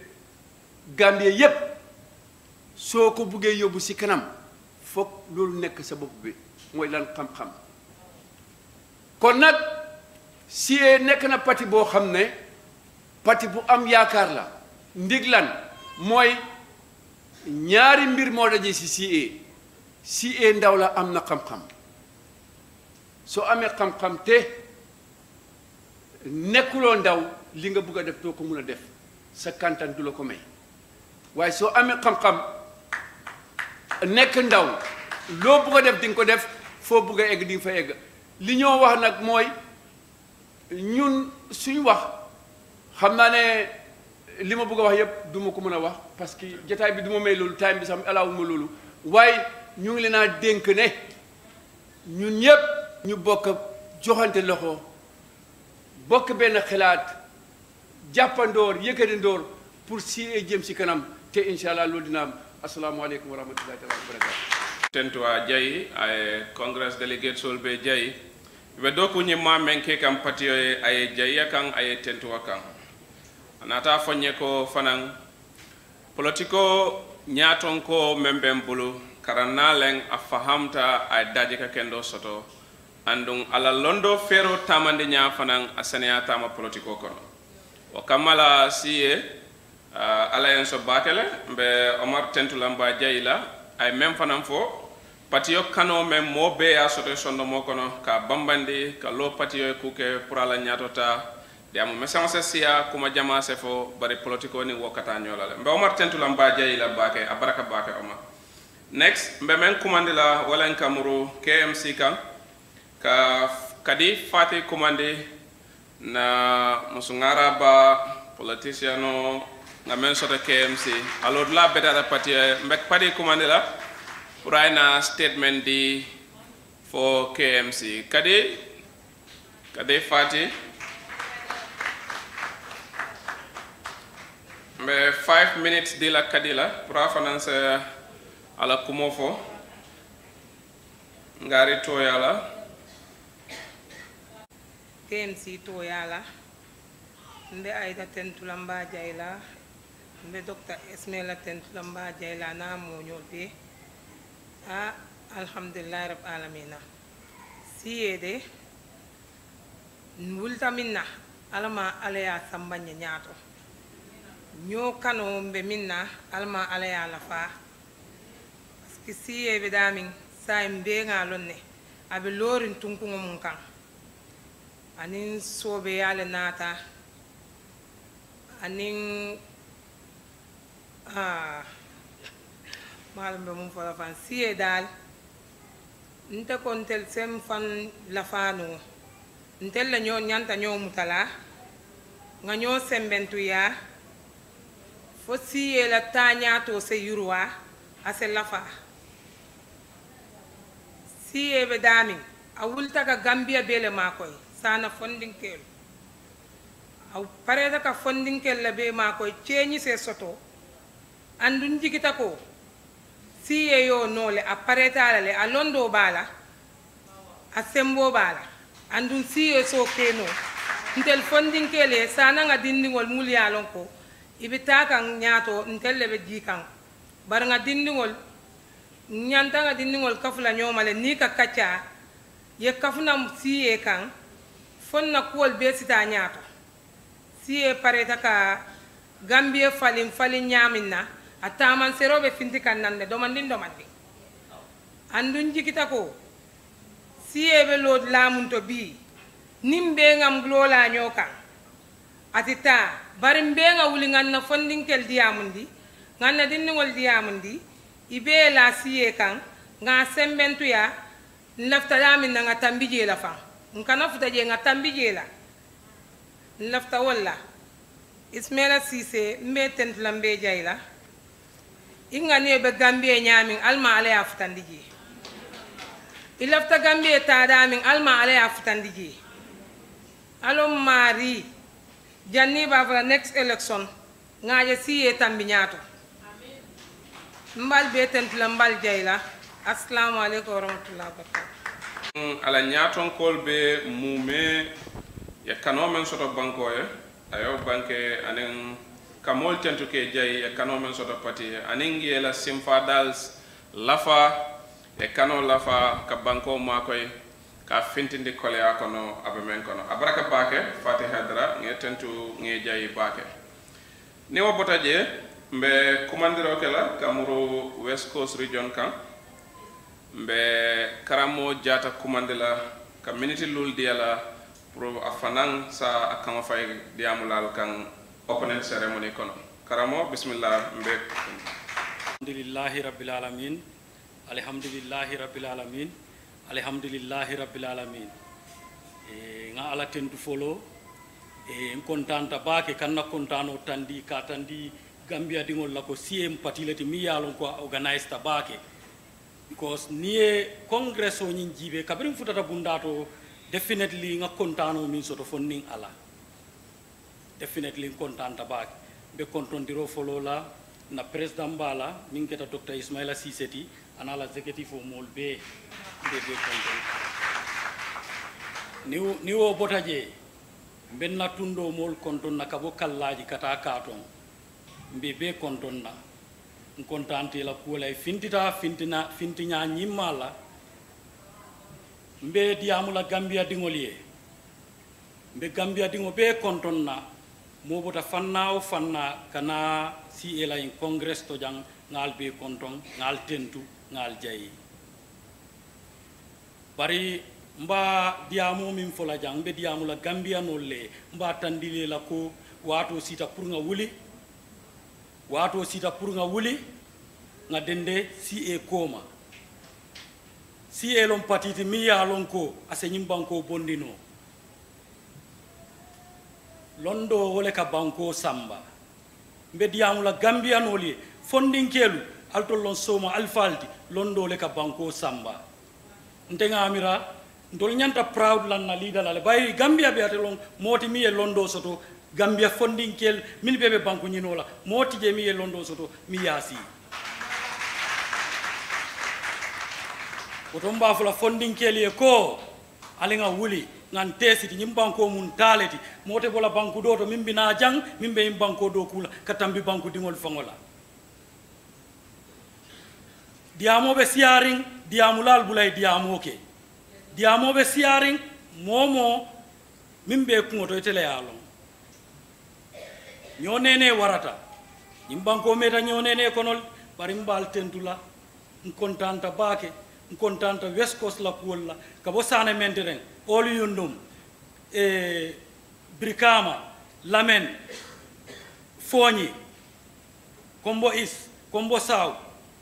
Gambie yépp soo ko buggee yóbbu ci kanam foog loolu nekk sa bopp bi mooy lan xam-xam kon nag Siyee nekk na pati boo xam ne pati bu am yaakaar la ndiglan mooy ñaari mbir moo daje si Siyee Siyee ndaw la am na xam-xam soo amee xam-xam te nekkuloo ndaw li nga bugg a def doo ko mun a def sa kantan du la ko may waaye soo amee xam-xam nekk ndaw loo bugg a def di nga ko def foo bugg a egg di nga fa egg li ñoo wax nag mooy. ñun suñu wax xam naa ne li ma bugg a wax yëpp du ma ko mën a wax parce que jataay bi du ma may loolu time bi sax alaawuma loolu waaye ñu ngi leen a dénk ne ñun ñëpp ñu bokk joxante loxo bokk benn xalaat jàppandoor yëkkatindoor pour si jëm si kanam te incha allah loolu dina am asalaamualeykum wa rahmatullahi taala wa barakatu tentuwa jayi ay congress delegate solbe jayi ɓe do kuñi ma men kam pati aye jaya kan aye tentuwa kan anata foñe ko fanan politiko ñaton ko men ben bulu karan na len a fahamta aye ka kendo soto andun ala londo fero tamandi ña fanan a seneya tama politiko kono wo kammala siye uh, ala yen so batele mbe omar tentulamba jayi la aye men fanan fo patiyo kano me moo be ya a sondo mo kono ka bambandi ka loo patiyo ye ke pour ala la ñaatota de amu meseŋo se siya kuma jama se fo bari politiko ni wo nyola le mbe omar tentu la mbaa jayi la baake a baraka baake oma next mbe men kumandi la walaŋ kamuru kmc ka ka kadi fati kumandi na musungara ba politiciano na men soto kmc alodla dula betata patiyo e, mbe padi kumandi la purayna statement di for KMC kade kade fati Me 5 minutes di la kadila pra fananse ala kumo fo ngari toyala KMC toyala mbe aida tentula mba jayla mbe Dr. Esmela tentula mba jayla na mo nyobe a alhamdulillah rab alamina siyede wultamin na alama ala ya sambanñe ñaato ñoo kano ɓe min na alama ala ya lafa par ce que siyeɓe damin sayi mbeŋalon ne aɓe lorin tunkuŋo mum kan anin soɓe yale naata anin ah. maɗum ɗo mum fota fan siye dal nte kontel sem fan lafano ntel la ñoo ñanta ñoo mutala nga ñoo sembentuya fo siye la to se a se lafa siye be damin a wulta ka gambiya le makoy saana fondinkeelu a pareta ka fondinkel la be makoy ceeñi se soto andun jigita ko siye yo nole a pareta le a londo bala a sembo bala andun siye so keno ntel fondin kele sana nga dindingol mul yalon ko ibe kan nyato ntel lebe ji kan bar nga dindingol nyanta nga dindingol kafula nyomale ni ka kacha ye kafuna siye kan fonna kuol be sita nyato siye pareta ka gambie falin falin nyaminna na a taman seroɓe finti kan nande domandin domandi andun jikita ko siyeɓe lood lamun to bi nin ɓegam glolaño kan ati ta bari mbeŋa wuli ŋan na fondinkel diyamun di ŋan na dinniŋol diyamun di i bee la siye kaŋ ŋa sembentuya n lafta damin na ŋa tambi je la faŋ n kana futa je nga tambi la n lafta wol la ismaila siise n be tentu la la igganiyo ɓe gambie ñamin alma alaya futandi gi i lafta gambie taɗamin alma alaya futandi gi alon mari janni bafata next élection gaƴe siye tambi ñato mbal betentila mbal deyla assalamu aleykum wa rahmatullah wabarakatu ala ñatonkol ɓe mume ye kanomen soto banque oye ayo banque anen ka mool tentuke jayi e kano men soto pati anin yeela simfadals lafa e kano lafa ka banko makoy ka fintindi koleya kono aɓe men kono abaraka baake fati hadara ŋe tentu ŋe jayi baake ni wo bota je mbe kumandiroke la kamuru west coast region kan mbe karamo jata kumandi la ka miniti lul diya la pour a fanan sa a kaŋo fay diyamulal kaŋ opening ceremony kono karamo bismillah mbe alhamdulillahi rabbil alamin alhamdulillahi rabbil alamin alhamdulillahi rabbil alamin e nga ala tentu folo e kontanta baake kanna kontano tandi ka tandi gambia dingol la ko siem patilati mi yalon ko organize ta baake because niye congress o nyin jibe kabirin futata bundato definitely nga kontano min soto fonnin ala definitely kontanta baake ɓe control the la na président Bala, minketa keta ismaila siseti anala la exécutif o mool bee nde ɓe konton ni ni wo na tundo mool control na kabo kallaji kata katon mbe be Control na kontante la fintita fintina fintiña ñimma la mbe diyamula gambia diŋol ye mbe gambia diŋo be na mobota fanna o fanna kana si ela in congress to jang ngal be kontong ngal tentu ngal jayi bari mba diamu min fola jang be diamu la gambia no le mba tandile la ko wato sita pour nga wuli wato sita pour nga wuli nga dende si e koma si e lon patiti mi ya lon ko ase nyimbanko bondino londo wole ka banko samba mbe diyamula gambiyanoli ye fondinkelu altol lon sowmo alfaaldi londo le ka banko samba amira ntol ñanta proud na lida ale bayi gambia be atelon lon mooti mi ye londo soto gambia fondinkel min bebe banko nyino la mooti je mi ye londo soto mi yaasi oton mbafula fondinkel ye ko alinga wuli ngan tesiti nyim banko mun taaleti moote bola banku doto mimbi na jang mimbe ɓe yim banko do katambi ka tambi banku diŋol be siaring siyarin lal bulay diamo ke be siaring momo mimbe ɓe to itele ye loŋ warata nyim banko meta nyonene konol bari mbaal tentula n bake baake nkontanta west coast la kuwol la ka bo e brikama lamen fooñi combo is combo saw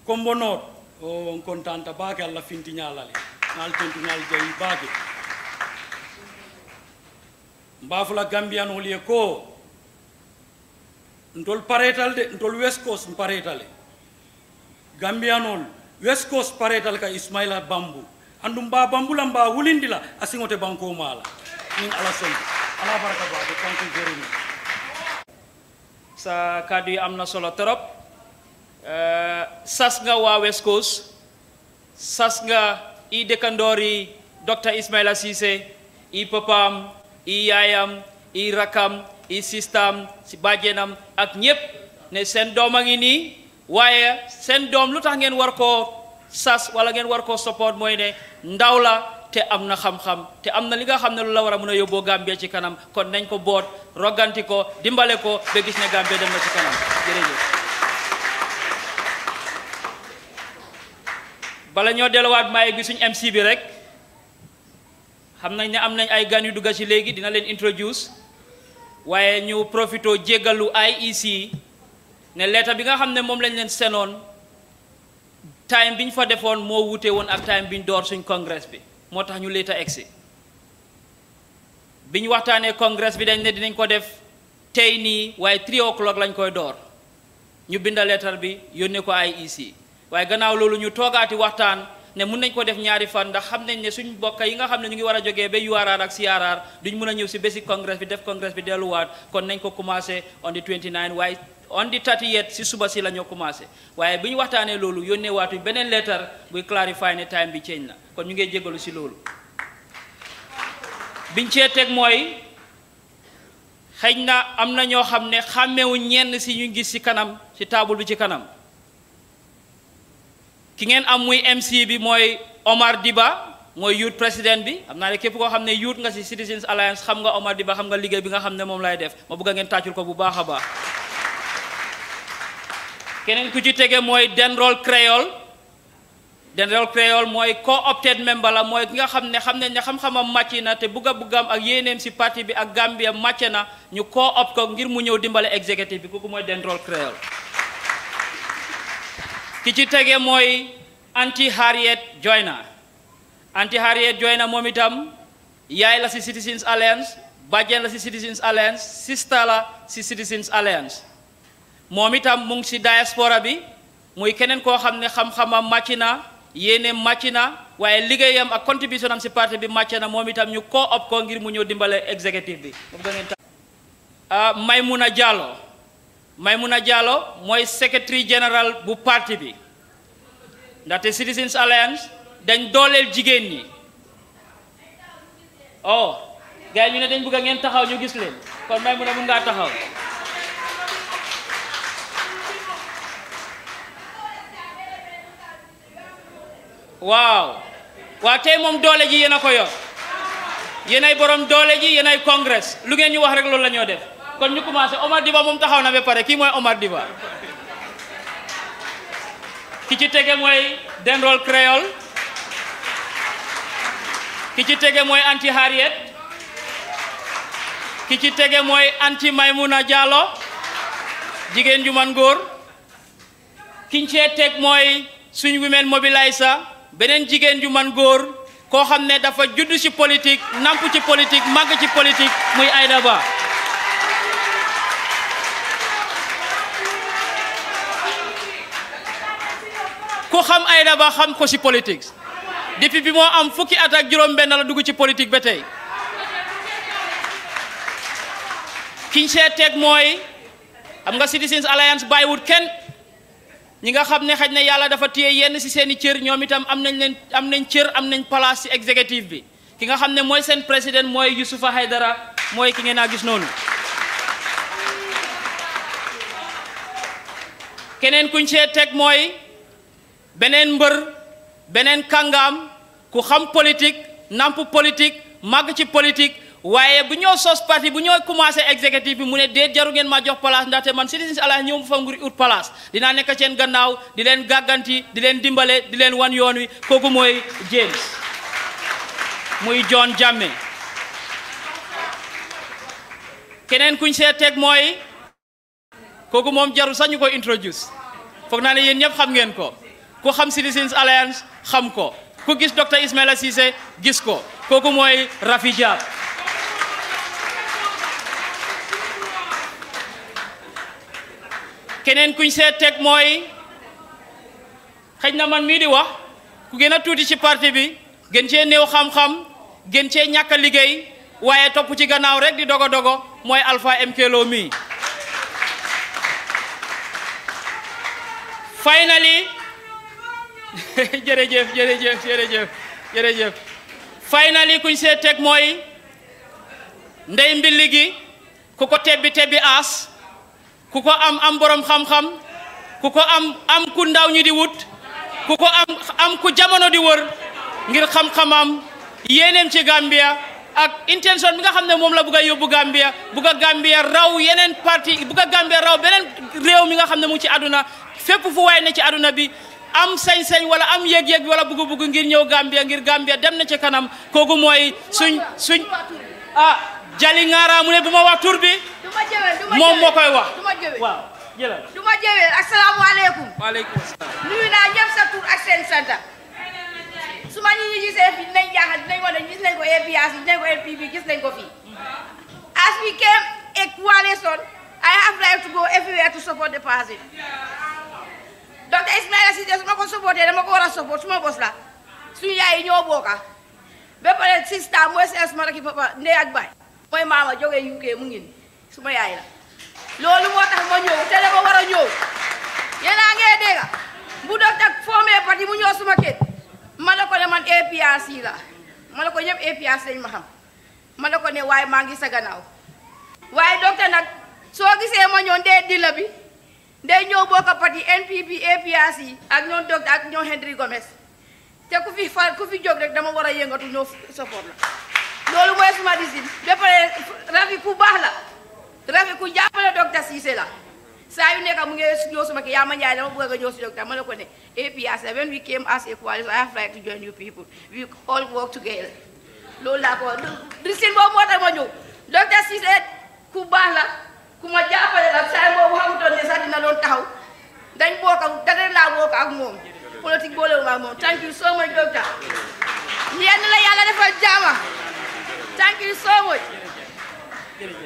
combo noot o nkontanta baake allah fintiñalale ngal tentuñal jayi baake mbafula gambiyanol ye ko ntol paretal de ntol west coast mparetale gambiyanol west coast paretal ka ismaila bambu andum ba bambula mba wulindila asingote banko mala min ala ala baraka ba de kanku jerumi sa kadi amna solo torop uh, eh, sas nga wa west coast sas nga i dekandori dr ismaila sise i papam i yayam i rakam i sistam si bajenam ak ñep ne sen domang ini waye sendom dom lu ngeen war ko sas wala ngeen war ko support moy ne ndaw te amna xam-xam te amna ligah li nga xamne lu la wara mëna yobbo Gambie ci kanam kon nañ ko bot roganti ko dimbale ko be gis ne Gambie dem na ci kanam jërëjëf bala ñoo delluwaat maye gi suñ MC bi rek xamnañ ne amnañ ay gan yu dugga ci dina leen introduce waye ñu profito jégalu IEC ne leeta bi nga xam ne moom lañ leen seenoon time bi ñu fa defoon moo wute woon ak time bi ñu door suñ congrès bi moo tax ñu leeta egsi bi ñu waxtaanee congrès bi dañ ne dinañ ko def tey nii waaye 3 o'clock lañ koy door ñu bind leetar bi yónnee ko IEC waaye gannaaw loolu ñu toogaati waxtaan ne mun nañ ko def ñaari fan ndax xam nañ ne suñ mbokk yi nga xam ne ñu ngi war a jógee ba URR ak CRR duñ mun a ñëw si bési congrès bi def congrès bi delluwaat kon nañ ko commencé on the 29 waaye on the 30th si suba si la ñoo commencé waaye bi ñu waxtaanee loolu yónnee waatuñ beneen leetar buy clarify ne time bi change na kon ñu ngee jégalu si loolu biñ cee teg mooy xëy na am na ñoo xam ne xàmmewu ñenn si ñu gis si kanam ci taabul bi ci kanam ki ngeen am muy MC bi mooy Omar Diba mooy youth président bi xam naa ne képp koo xam ne youth nga si Citizens Alliance xam nga Omar Diba xam nga liggéey bi nga xam ne moom lay def ma bëgg ngeen tàccul ko bu baax a baax keneen ku ci tege mooy Denrol Créole Denrol Créole mooy co-opted member la mooy ki nga xam ne xam ne ne xam-xamam màcc na te bugg a buggam ak yéeneem si parti bi ak Gambia màcc na ñu co-opt ko ngir mu ñëw dimbale exécutif bi kooku mooy Denrol Créole ki ci tege mooy Anti Harriet Joyner Anti Harriet Joyner moom itam yaay la si Citizens Alliance bàjjen la si Citizens Alliance sista la si Citizens Alliance moom itam mu ngi si diaspora bi muy keneen koo xam ne xam-xamam màcc na yéene màcc na waaye liggéeyam ak contribution am si parti bi màcc na moom itam ñu koo op ko ngir mu ñëw dimbale exécutif bi ah, Maymuna Jallow Maymuna Jallow mooy secretary général bu parti bi ndaxte Citizens Alliance dañ dooleel jigéen ñi oh gars yi ñu ne dañ bëgg ngeen taxaw ñu gis leen kon Maymuna mun ngaa taxaw waaw waaw tey moom doole ji yéen a ko yor yéenay borom doole ji yéenay congrès lu ngeen ñu wax rek loolu lañoo ñoo def kon ñu commencé Omar Diba moom taxaw na ba pare ki mooy Omar Diba ki ci tege mooy Denrol Créole ki ci tege mooy anti Harriet ki ci tege mooy anti Maymuna Diallo jigéen ju man góor kiñ cee teg mooy suñ women mobiliser beneen jigéen ju man góor koo xam ne dafa judd ci politique namp ci politique màgg ci politique muy Aïda Ba ku xam Aïda Ba xam ko ci politique depuis bi moo am fukki at ak juróom benn la dugg ci politique ba tey kiñ seet teeg mooy xam nga Citizens Alliance bàyyiwut kenn ñi nga xam ne xaj na yàlla dafa téye yenn ci seeni i cër ñoom itam am nañ leen am nañ cër am nañ place ci exécutif bi ki nga xam ne mooy seen président mooy Youssoufa Haydara mooy ki ngeen a gis noonu keneen kuñ see teg mooy beneen mbër beneen kàngam ku xam politique nàmp politique màgg ci politique waye bu ñoo sos parti bu ñoo commencé exécutif bi mu ne déet jaru ngeen ma jox place ndaxte man citizen allah ñoom fa nguri ut place nek ci en gannaaw di len gaganti di len dimbalé di len wan yoon wi koku moy James muy John Jammeh kenen kuñ sé teg moy koku mom jaru sax ko introduce fokk na ne yeen ñep xam ngeen ko ku xam citizens alliance xam ko ku gis docteur Ismaila Ceesay gis ko koku moy Rafi Diab keneen kuñ seet teg mooy xëj na man mii di wax ku gën a tuuti ci parti bi gën cee néew xam-xam gën cee ñàkk liggéey waaye topp ci gannaaw rek di dogo dogo mooy Alpha MK Lo mii finally jërëjëf jërëjëf jërëjëf jërëjëf ku kuñ seet teg mooy ndey mbilli gi ku ko tebbi tebbi aas ku ko am am borom xam-xam ku ko am am ku ndaw ñi di wut ku ko am am ku jamono di wor ngir xam-xamam yéeneem ci Gambia ak intention bi nga xam ne moom la bugg a yóbbu Gambia bugg a Gambia raw yeneen parti bugg a Gambia raw beneen réew mi nga xam ne mu ci àdduna fépp fu waay ne ci àdduna bi am sañ-sañ wala am yeg yëg wala bugg-bugg ngir ñëw Gambia ngir Gambia dem na ci kanam kooku mooy suñ suñ ah Jali Ngara mu ne bu ma wax bi. moom moo koy du ma jëwee asalaamaaleykum. waaleykum salaam. nuyu naa ñëpp sa tur ak seen sant. su ma ñu gisee fii dinañ jaaxal dinañ ko ne gis nañ ko APS bi dinañ ko APB gis nañ ko fii. as we came a coalition, I have right to go everywhere to support the party. docteur Ismaila Cissé su ma ko supporté dama ko war a support su ma bos la suñu yaay ñoo booka ba pare sista mooy seen suma rakki papa ndey ak baay mooy maama jógee UK mu ngi suma yaay la lolou motax tax ma ñëw te dama wara ñew ñëw yéen a ngee bu do tak foomee parti mu ñew suma malako la man APRC la malako ñep ko lañ ma xam malako la way ma ngi sa gannaaw way docteur nak so gisé ma ñew ndee dila bi ndey ñew boko parti NPP APRC ak ñoom docteur ak Henry Gomez té ku fi kufi ku fi jog rek dama wara yëngatu ñoo support la lolou moy suma disin ba Ravi rafi ku bax la trafic ku jàppale docteur Cissé la saa yu nekk mu ngi ñëw suma ki yaa ma njaay dama bëgg nga ñëw si docteur ma ne ko ne a coalition I have right to join you people we all work together loolu laa ko risin boobu moo tax ma ñëw docteur Cissé ku baax la ku ma jàppale la saa yi boobu xamutoon ne sax dina doon taxaw dañ bokk ak dara laa bokk ak moom politique boole wu ma moom thank you so much docteur yéen la yàlla defal jaama thank you so much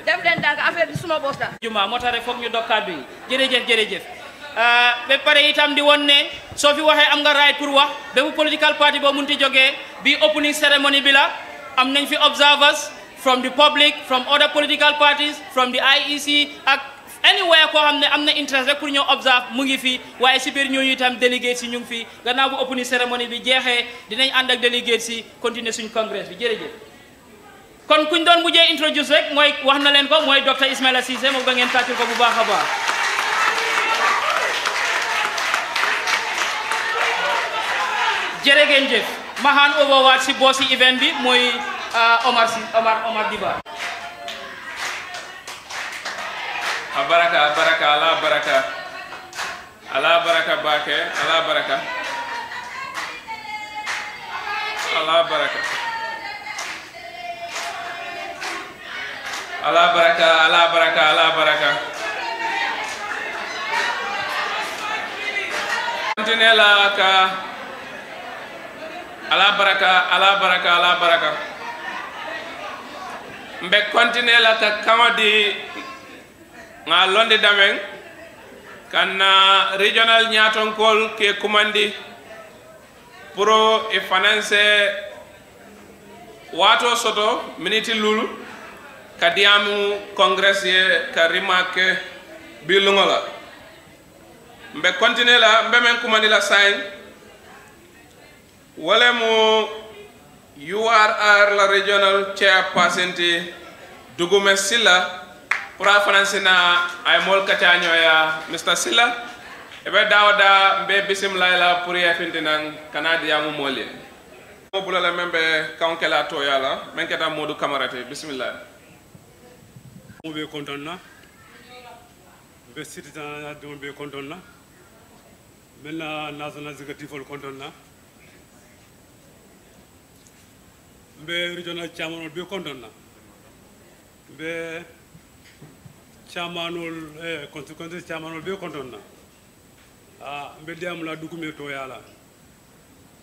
def leen daal affaire bi suma bos la juma moo tax rek foog ñu dog kàddu yi jërëjëf jërëjëf euh, ba pare itam di won ne soo fi waxee am nga right pour wax ba bu political party boo munti jógee bi opening ceremony bi la am nañ fi observers from the public from other political parties from the IEC ak anywhere koo xam ne am na interest rek pour ñoo observe mu ngi fi waaye si biir ñooñu itam délégué si ñu ngi fi gannaaw bu opening ceremony bi jeexee dinañ ànd ak délégué si continuer suñ congrès bi jërëjëf kon kuñ doon mujjé introduce rek moy wax na len ko moy docteur Ismaila Ceesay mo ba ngeen tàccul ko bu baakha ba baax ngeen jëf o overwaat si bossi event bi moy euh, Omar si Omar Omar Diba baraka baraka ala baraka ala baraka baake ala baraka ala baraka ala baraka ala baraka ala baraka continue la ka ala baraka ala baraka ala baraka mbe continue la ka kamadi nga londi damen kanna regional ñatonkol ke kumandi pour e financé wato soto miniti lulu kadiamu congress ye ka ke biluŋo la mbe continue la mbe men kumani la sign wo mu urr la regional chair pasenti dugume sila pour a na a ye moolu kati mr sila ebe be mbe bisim laila pour ye finti naŋ ka naa mo bula le be kaŋo ke la tooya la keta moodu kamara Mu be na be citizen dum be kontonna menna national executive ol na mbe regional chairman be be na mbe chairman ol eh consequence chairman ol be kontonna ah mbe diam la dukume to yala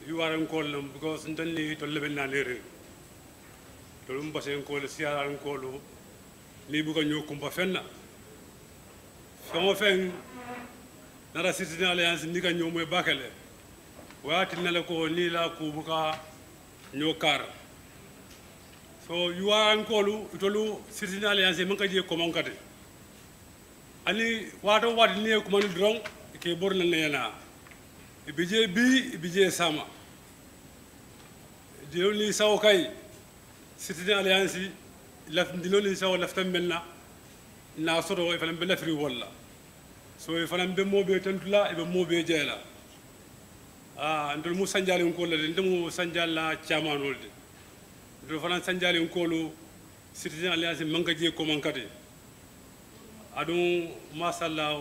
yu waran kol nam because ndalli to lebel na lere to lum basen kol siaran kolu liibuka ñoo kumpa fenna feŋo feŋ nara sitina alliance ndika ñoomoy bake le wo ye tinna le ko niŋ la kuubuka ñoo kaara so yuwayankoolu itolu sitina alliance maŋ ka jee komaŋ ani aniŋ waato waati niŋ ye kumandi doroŋ ke bori na neyanaa bi jee bii bi jee sama diyo niŋ sawo kayi alliance lafdiloni saw laftan men na na soto e fana ɓe lafiri wolla so e fana ɓe moɓe tantula eɓe moɓe jeela a ndol mu sañdialenkolade ndemo sañdialla camanolde ndol fana sañdialenkolo citizen alliance manka jee coman kate aɗum masallah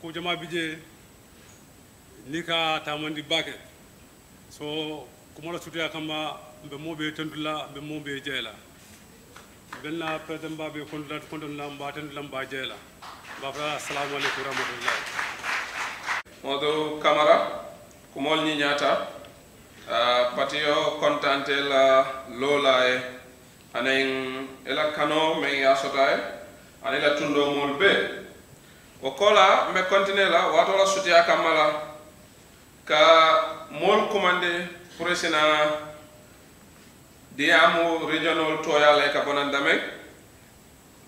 ko jamaɓe je ni ka tamandi bake so ko mola sutoya kamma ɓe moɓe tantula ɓe moɓe jeela benna président mbaɓe kondulat kondonlam mbatendulam mba jeela mbafata assalamu aleykum rahmatullah modo camara kumol ñiñata patiyo contante la loola e anayin ela kano men yasota e ana ela tundomol be o kola mbe continue la watola sutiya kamma la ka mool commande pour sina amu regional toyale ka bonandame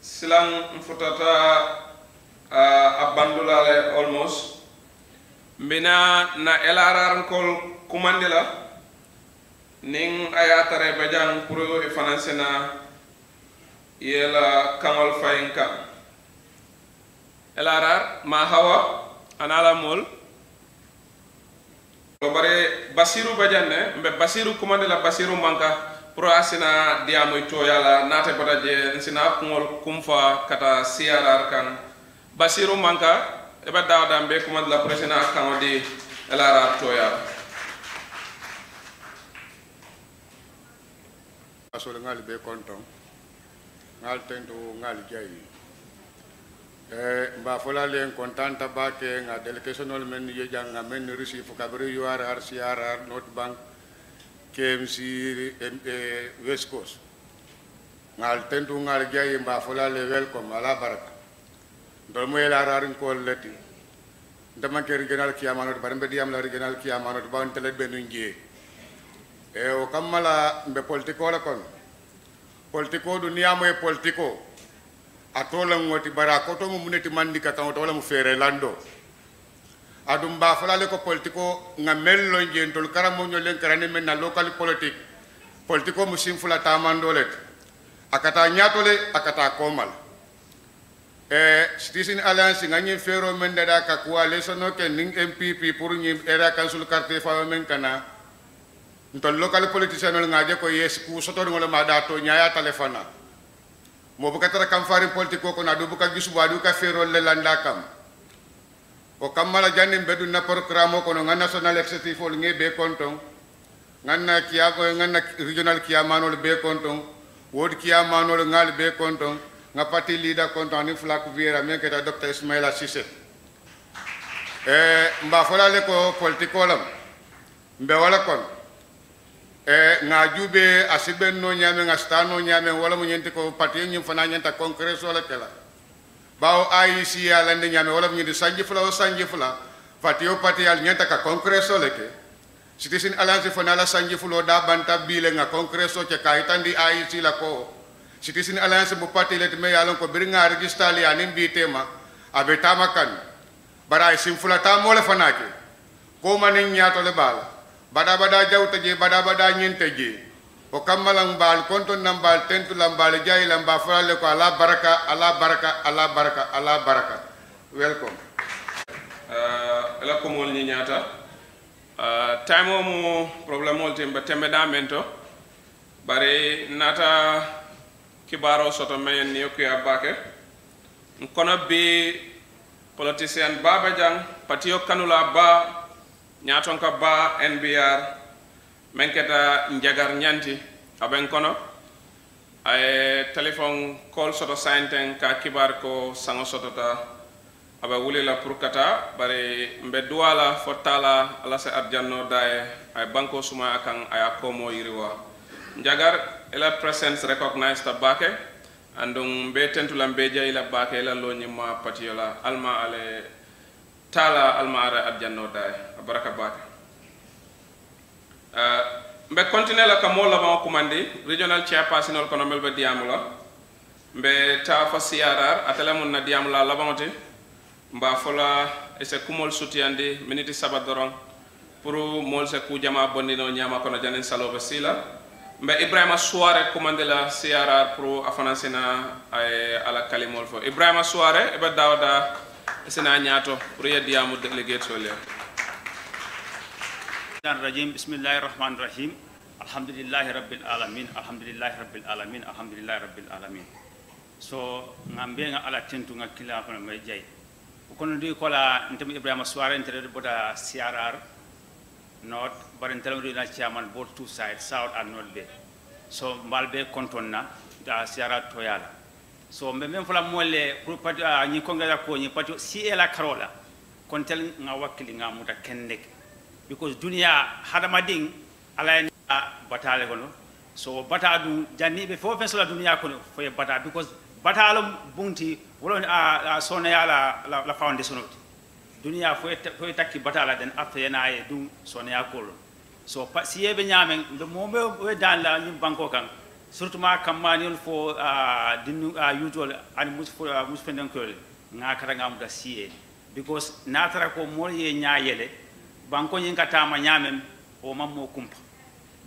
silang futata uh, le almost bina na elarar kol kumandila ning ayatare bajang puro e fanansena yela kangol fayinka elarar ma hawa anala mol bare basiru bajane be basiru kumandila basiru manka pour a sina diyamoy toyala nate bata je sina kuŋol kumfa kata siyarar kaŋ basiru manka ebe daadan be kuma la pour sina kaŋo di elara toyala asole ŋali be konton ŋali tento ŋali jayi eh, mba fola len kontanta bake ŋa delegationnol men ye jaŋ men risi fo kabiri urr crr note banque KMC eh, West Coast. Ngal tentu ngal jayi mba fula level kom ala baraka. Ndol mo yela rarin ko leti. Ndama ke regional kiyamanot barambe diam la regional kiyamanot ba ntele benu ngie. E o kamala mbe politiko la kon. Politiko dunia mo e politiko. Atola ngoti bara koto mo muneti mandika kan otola mo fere lando adum ba falale ko politiko nga mello jentol karamo nyo len karane men na local politique politiko musim fula tamandolet akata nyatole akata komal e citizen alliance nga nyin fero men da ka coalition no ken ning mpp pour nyi era council carte fa men kana ntol local politicien nga je ko yes ku soto ngol ma da to nyaaya telefona mo bukatara kam farin politiko ko na do buka gisu wadu ka fero le landa kam ko kammala janni bedu na programme o no ganna national executive ol nge be konton nganna kiya ko nganna regional manol be konton wod kiya manol ngal be konton nga parti leader konton ni flak viera men keta docteur ismaila sise eh mba folale ko politiko lam mbe wala kon eh nga jube asibe no nyame nga stano nyame wala mo nyenti ko parti nyum fana nyenta congrès la kala bawo ayi si ya lande nyame wala mu di sanji fula o sanji fula fatio yo pati al nyanta ka kongreso leke siti sin alance fo nala sanji fulo da banta bile nga kongreso ke kaitandi ayi si la ko siti sin alance bu pati let me yalon ko bir nga register li anin bi tema abe tamakan bara ay sim fula ta mole fanake ko nyato le bada bada jawta je bada bada nyente je o kammalambal kontonnambal tentulambal jayilamba falalle ko ala baraka ala baraka ala baraka ala baraka welcome uh, ala komol ni ñaata uh, time o mo probléme ol tembe tembeɗa men to bari nata kibaro soto mayen ni okuya bake kono be politicien baba jang patiyo kanula ba ñaton ka ba nbr men keta njagar ñanti aben kono aye téléphone call soto sainten ka kibar ko sango sotota aba la pour kata bari mbe duwala fo tala ala se arjanno daye ay banko suma kan ay akomo yiriwa njagar ela presence recognized abake andum mbe tentu mbe jayi la bake loñi ma patiyola alma ale tala alma ara arjanno daye baraka bake Euh, mbe continue la ka moo labaŋo kumandi regional chairpersonol kono mel be diamu la mbe taa fo siyarar ate le na diyaamu la labaŋo ti mba fo la ise kumol sutiyandi miniti saba doroŋ pour moolu se kuu bonni bondinoo ñaama kono janiŋ saloo be sii mbe ibrahima suware commande la crr pour afana sina ay ala kalimol fo ibrahima suware ebe dawda sina ñaato pour ye diyamu delegate so rajim bismillahirrahmanirrahim. rahmanir rahim alhamdulillahi alamin alhamdulillahi alamin alhamdulillahi alamin so ngambil nga ala tentu nga kila ko may jay ko ndi ko la ntem ibrahima soare entere bota siarar not baren telam ri chairman both two sides south and north bay so konton na da siara toyala so mbe men fula molle pour pat ah, ni ko ngala ya ko ni pat si ela karola kontel nga wakili nga muta because Dunia hadama ɗin alayani batale kono so bata ɗum janniɓe fof Dunia sola duniya kono foye bata because batalo bunti woloni a sonaya la la fawde sonoti Dunia foye takki batala den afta yana e ɗum sonaya kolon so si yeɓe the nde we ɓe la yim banko kan surtout ma kammaniol fo dinnu yutol ani musfenden koyol ŋakata ngamuda si en because natara ko mol ye ñayele banko ñiŋ ka taama ñaameŋ wo maŋ moo kumpa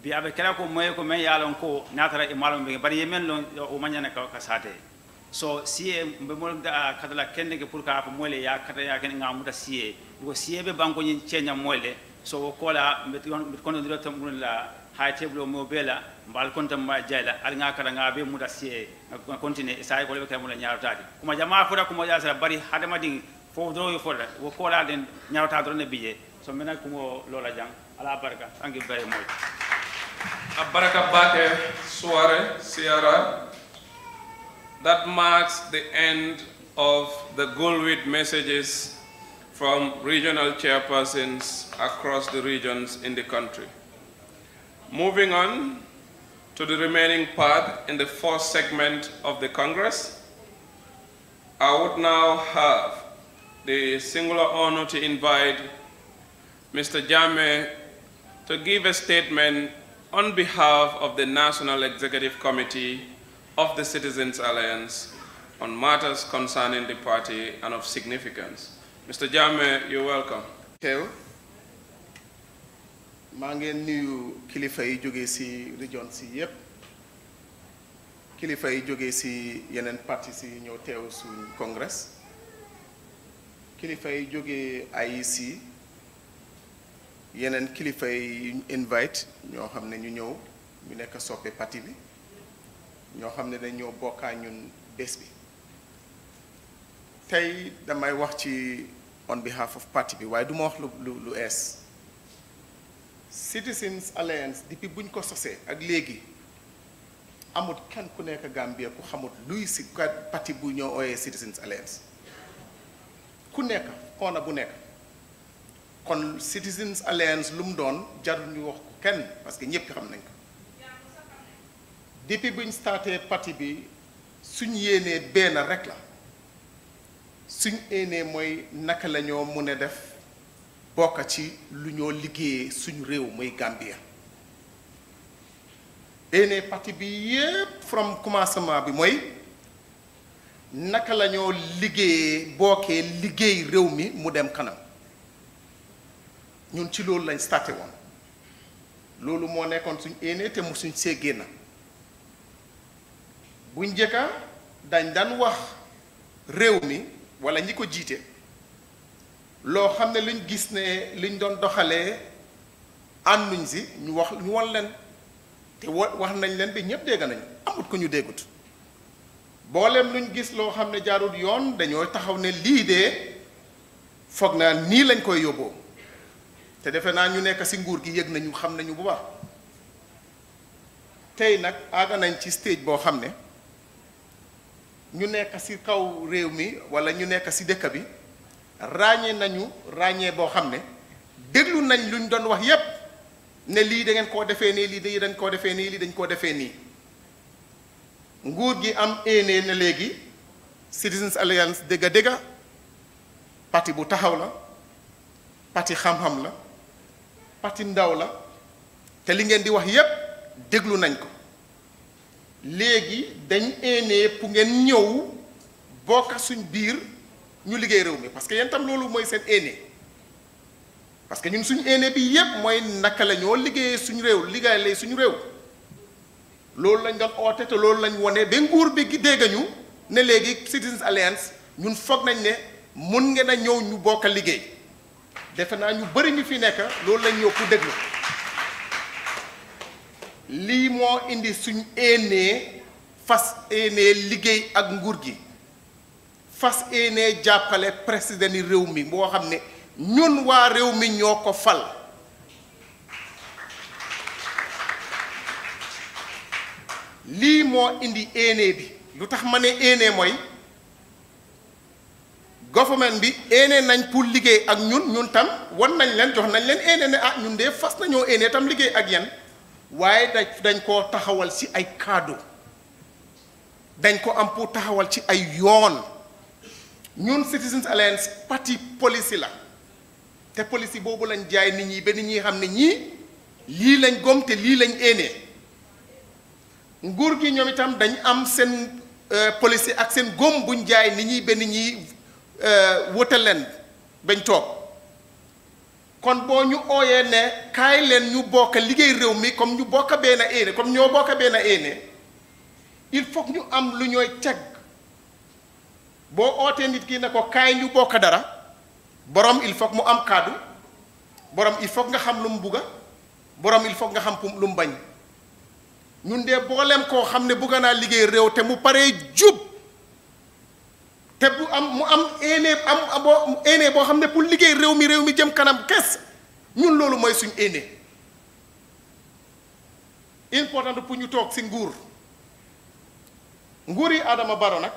bi a be kela ko moye ko meŋ ye a loŋ ko niŋ tara imaalum bege bari ye meŋ loŋ wo maŋ ñana ka saate so siye mbe mol ah, kata la kende ke pour ka fa mole ya kata ya ken nga muta siye ko siye be banko ñiŋ ceeña mole so wo koola mbe kono dilo tam la hay teblo mo bela mbal konta ma jayla al nga kala nga be muta siye nga sa ay ko be kay mo la ñaarotaade kuma jamaa fota kuma ya bari hadama ding fo do yo fo wo kola den ñaarota do ne biye lola jang ala thank you very much baraka bake siara that marks the end of the Gulwit messages from regional chairpersons across the regions in the country. Moving on to the remaining part in the fourth segment of the Congress, I would now have the singular honor to invite Mr. Jame to give a statement on behalf of the National Executive Committee of the Citizens Alliance on matters concerning the party and of significance. Mr. Jame, you're welcome. Tew maa ngeen nuyu kilifa région si yépp kilifa yi jóge ci yeneen parti si ñëw teew suñu congrès kilifa yi jóge AIC yeneen kilifa yi ñu invite ñoo xam ne ñu ñëw ñu nekk soppe pati bi ñoo xam ne dañoo bokkaa ñun bés bi tey damay wax ci on behalf of parti bi waaye du ma wax lu lu lu ees Citizens Alliance depuis buñ ko sosee ak léegi amut kenn ku nekk Gambia ku xamut luy si parti bu ñoo ooyee Citizens Alliance ku nekk koona bu nekk kon Citizens Alliance lu mu doon jarul ñu wax ko kenn parce que ñëpp xam nañ ko depuis buñ starté parti bi suñ yéenee benn rek la suñ yéenee mooy naka lañoo ñoo mun a def bokk ci lu ñoo liggéeyee suñ réew muy Gambia yéenee parti bi yépp from commencement bi mooy naka la ñoo liggéeyee bookee liggéey réew mi mu dem kanam ñun ci loolu lañ starté loolu moo nekkoon suñ éenee te mu suñ séggee na bu njëkka dañ daan wax réew mi walla ñi ko jiite loo xam ne luñ gis ne liñ doon doxalee ànduñ si ñu wax ñu won leen te wa wax nañ leen bi ñëpp dégg nañ amut ko ñu déggut booleem luñ gis loo xam ne jaarut yoon dañoo taxaw ne lii de foog naa nii lañ koy yóbboo te defe naa ñu nekk si nguur gi yëg nañu xam nañu bu baax tey nag àgg nañ ci stage boo xam ne ñu nekk si kaw réew mi walla ñu nekk si dëkk bi ràññee nañu ràññee boo xam ne déglu nañ luñ doon wax yépp ne lii dangeen koo defee nii lii dañ koo defee nii lii dañ koo defee nii nguur gi am éenee ne léegi Citizens Alliance dégga dégga parti bu taxaw la pati xam-xam la parti ndaw la te li ngeen di wax yépp déglu nañ ko léegi dañ eenee pour ngeen ñëw bokka suñ biir ñu liggéey réew mi parce que yéen tam loolu mooy seen eenee parce que ñun suñu eenee bi yépp mooy naka la ñoo liggéeyee suñu réew liggéey lay suñu réew loolu lañ doon oote te loolu lañ wone ba nguur bi giddee ñu ne léegi Citizens Alliance ñun foog nañ ne mun ngeen a ñëw ñu bokk a liggéey defe naa ñu bëri ñu fi nekk loolu lañ ñëw pour déglu lii moo indi suñ éenee fas éenee liggéey ak nguur gi fas éenee jàppale président ni réew mi moo xam ne ñun waa réew mi ñoo ko fal lii moo indi éenee bi lu tax ma ne éenee mooy government bi éenee nañ pour liggéey ak ñun ñun tam wan nañ leen jox nañ leen éenee ne ah ñun de fas nañoo éenee tam liggéey ak yéen waaye dañ dañ koo taxawal ci ay cadeau dañ ko am pour taxawal ci ay yoon ñun Citizens Alliance parti policy la te policy boobu lañ jaay nit ñi ba nit ñi xam ne ñii lii lañ gom te lii lañ éenee nguur gi ñoom itam dañ am seen euh, policy ak seen gom buñ jaay nit ñi ba ñi Euh, wëtal leen bañ toog kon boo ñu ooyee ne kaay leen ñu bokk liggéey réew mi comme ñu bokk benn éene comme ñoo bokk benn éene il faut ñu am lu ñooy teg boo ootee nit kii ne ko kaay ñu bokk dara boroom il faut mu am kàddu boroom il faut nga xam lu mu bugga borom il faut nga xam lu mu bañ ñun de boolem koo xam ne bugga naa liggéey réew te mu paree jub te bu am mu am aîné boo xam ne pour liggéey réew mi réew mi jëm kanam kes ñun loolu mooy suñu aîné important pour ñu toog si nguur nguur yi Adama Barrow nag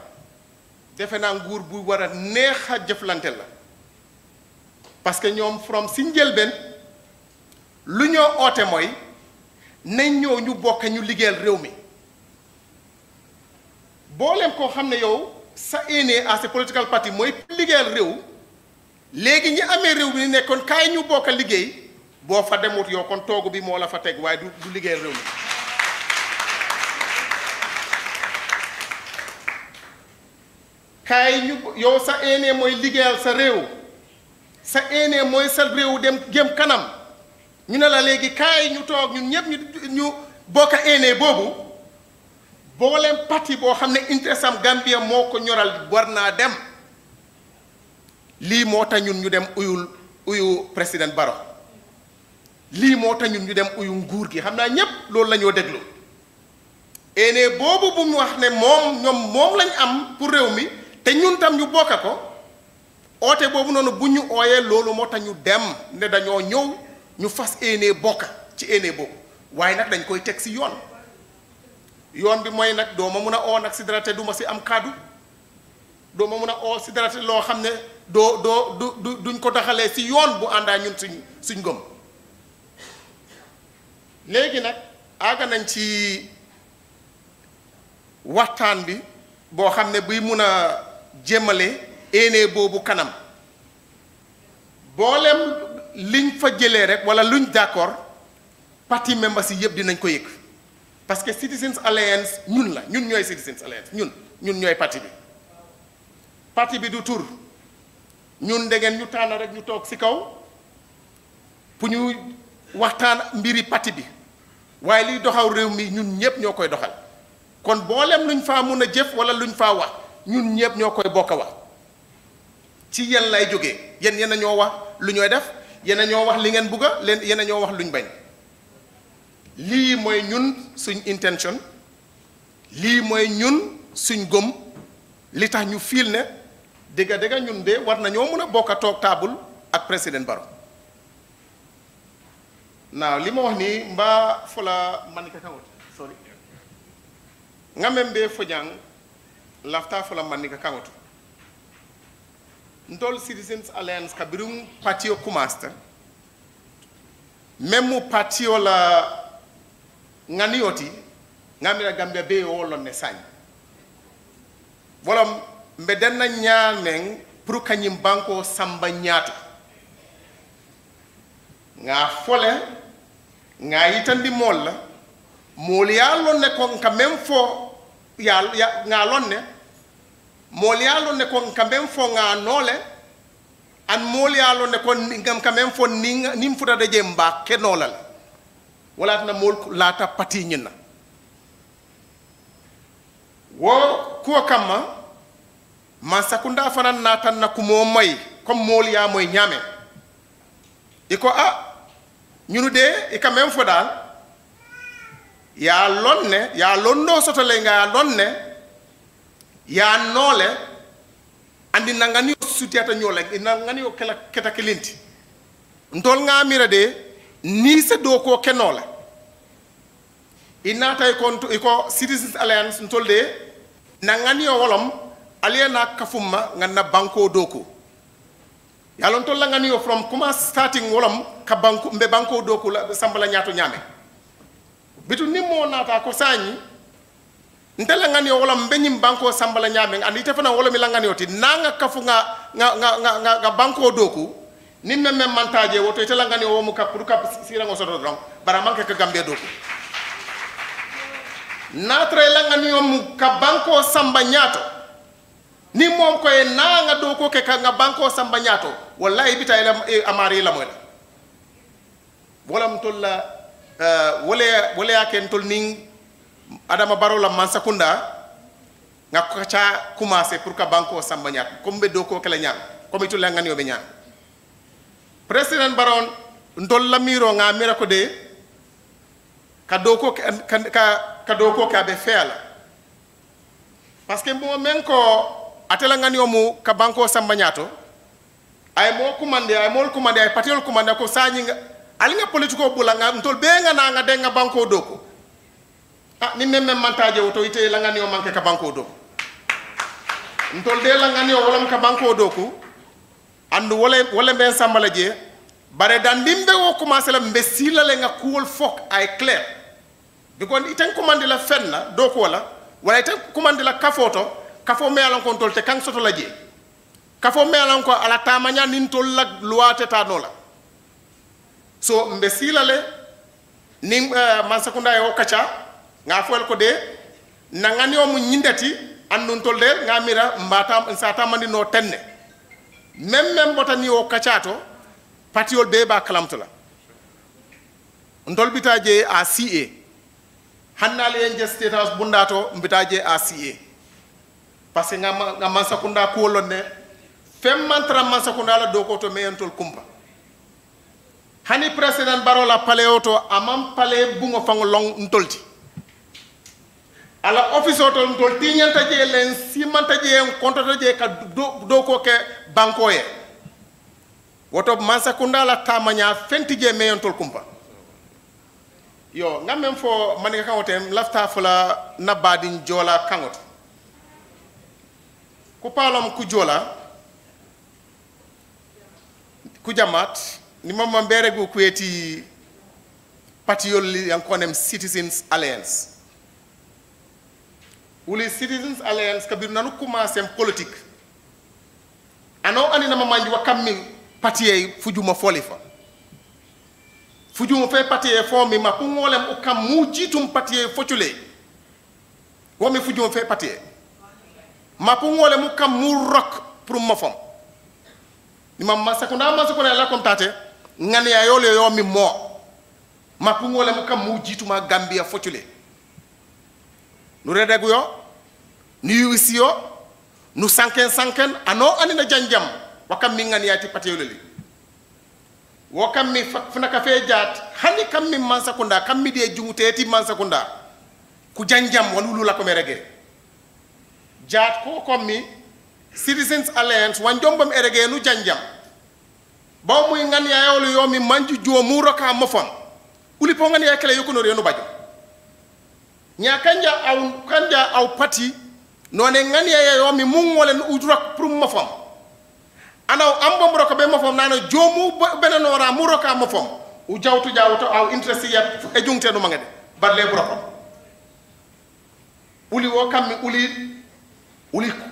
defe naa nguur bu war a neex a jëflante la parce que ñoom from ci njëlbeen lu ñoo oote mooy nañ ñëw ñu bokk ñu liggéeyal réew mi booleem koo xam ne yow. sa aîné à ces political party mooy liggéeyal réew léegi ñi amee réew bi nekkoon kaay ñu bokk a liggéey boo fa demut yow kon toogu bi moo la fa teg waaye du du liggéeyal réew mi kaay ñu yow sa aîné mooy liggéeyal sa réew sa aîné mooy sa réew dem gém kanam ñu ne la léegi kaay ñu toog ñun ñëpp ñu ñu bokk a boobu booleem parti boo xam ne intérêt am Gambien moo ko ñoral war naa dem lii moo tax ñun ñu dem uyul uyu président Barrow lii moo tax ñu dem uyu nguur gi xam naa ñépp loolu lañoo déglu ene boobu bu mu wax ne moom ñoom moom lañ am pour réew mi te ñun tam ñu bokka ko oote boobu noonu bu ñu ooyee loolu moo tax ñu dem ne dañoo ñëw ñu fas ene bokka ci ene boobu waaye nag dañ koy teg si yoon yoon bi mooy nag doo ma mun a oo nag si dara duma si am kàddu doo ma mun a oo si dara loo xam ne doo doo du duñ ko doxalee si yoon bu àndaa ñun suñ suñ gëm léegi nag àgg nañ si waxtaan bi boo xam ne buy mun a jëmale éenee boobu kanam boolem liñ fa jëlee rek wala luñ d'accord parti membres yi yëpp dinañ ko yëg. parce que Citizens Alliance ñun la ñun ñooy Citizens Alliance ñun ñun ñooy parti bi parti bi du tur ñun dangeen ñu tànn rek ñu toog ci kaw pour ñu waxtaan mbiri parti bi waaye liy doxaw réew mi ñun ñëpp ñoo koy doxal kon boolem luñ faa mun a jëf wala luñ faa wax ñun ñëpp ñoo koy bokk a wax ci yéen lay jógee yéen yéen a ñoo wax lu ñooy def yéen ñoo wax li ngeen bëgg a leen yéen ñoo wax luñ bañ. lii mooy ñun suñ intention lii mooy ñun suñ gom li tax ñu fiil ne dëgga dëgga ñun de war nañoo mën a bokk a toog taabul ak président Barrow naaw li ma wax nii mbaa fola man ka kaŋote sorry nga mem be fojaŋ lafta fola man ka kaŋoto ndol citizens alliance ka patio kumasta memu patio la ŋaniyoti ŋamira gambia be wo lonne sañ wala mbe denna ñaameŋ pour kañim banko samba ñaatu ŋa fole ŋa yitandi mool la moolu ye a lonne ko ka meŋ fo ya ŋa lonne moolu ye a lonne ko ka meŋ fo ŋa noole an moolu ye a lonne ko ka meŋ fo niŋ futa de je mbaa ke noola la walatna molku laata pati ñinna wo kuwo kamma ma sakunda fanan natanna kumo mool ya moy ñaame i ko a ah, ñunu de i ka men fo daal yaa lon ne yaa lonnoo soto le nga yaa lon ne yaa noo le andi na nga niyo sutiyata ñoo le na nga niyo kela keta kilinti ntol de nii se doo koo kenoo le i naata ikon iko citizens alliance ntolde na ŋaniyo wolom aliye na kafumma ŋanna banko doko yalon tolla ŋaniyo from kuma starting wolom ka banko mbe banko doko la sambala ñaato ñaame bitu nimmo naata ko sañi nte la ŋaniyo wolom mbe ñim banko sambala ñaame andi ite fana wolomi la ŋaniyo ti naŋa kafu nga ŋa ŋa ŋa ŋa banko doku nin meŋ mantaje woto ite la ŋaniyo womu ka pour ka siraŋo soto dron bara manke ka gambe doku natraylanganiyo mu ka banko samba ñaato ni moom koye naanga dow ko ke ka nga banko samba ñaato wallahi bita e amari lamoy la wolam tol la uh, wole woleya ken tol nin adama baro la mansakunda nga ko ca commencé pour ka banko samba ñaat comme be do ko kala ñaan comme itu langan be ñaan president baron ndol la miro nga mira ko de ka do ko ka, ka kadoko ka be fela parce que mbo men ko atela ngani mu ka banko sambanyato ay mo kumande ay mol kumande ay patiyol kumande ko sañi nga ali nga politiko bula nga ntol be nga na nga de nga banko doko ah ni memme mantaje woto ite la ngani o manke ka banko doko ntol de la ngani o wolam ka banko doko andu wala wala men sambalaje bare dan dimbe wo commencer la mbesila le nga kuwol fok ay clair because iten la fenna do ko wala wala iten la kafoto kafo melan kon tolte te kan soto la je kafo melan ko ala tamanya nin tol la loi teta no la so mbe silale ni uh, mansakunda yo kacha nga foel ko de nangani o mu nyindati annun tol de nga mira mbata sata mandi no tenne mem même botani o to patiol be ba kalamtula ndol bitaje a CA hannale yen jesti bunda to mbitaje a siye parce nga nga ngam kunda ko ne fem mantra kunda la doko to meyentol kumpa hani president barola paleo to amam pale bungo fang long ntolti ala office oto ntolti nyanta je len simanta je en kontoto je ka doko ke banko ye woto kunda la tamanya fenti je meyentol kumpa yo ngam men fo manika kaŋotem lafta fula na badin jola kangot ku paalom ku jola ku jamat ni mamma mberegu kuweti yang konem citizens alliance wuli citizens alliance kabir nanu commencé politique ano anina mamanji wa kammi patiyey fujuma folifa fa fujum fe patiye fo mi ma kungolem ukam mujitum patiye fotule mi fujum fe patiye ma kam mu rok pour ma fam ni ma ma sekunda ma sekunda la kom tate ngan ya yole yo mi mo ma kam mu jituma gambia fotule nu redegu yo nu yuwisi yo nu sanken sanken ano anina janjam wakam mi ngani ya ti patiye lele wo kammi funa kafe jaat hani kammi mansakunda mi de junguteti mansakunda ku janjam walulu la ko merege jaat ko mi citizens alliance wan jombam erege nu janjam baw muy ngan ya yawlu yomi manju jo mu roka mo uli po ngan ya kele yokono renu bajo nya kanja aw kanja aw pati ne ngan ya yomi mu ngolen udrak pour mo ana ambomboro ko ɓe mofom nano jomu benenora mu roka mofom u jawtu jawto aw interest yeb e jungteɗuma ge de badle broko uli o kammi uli uli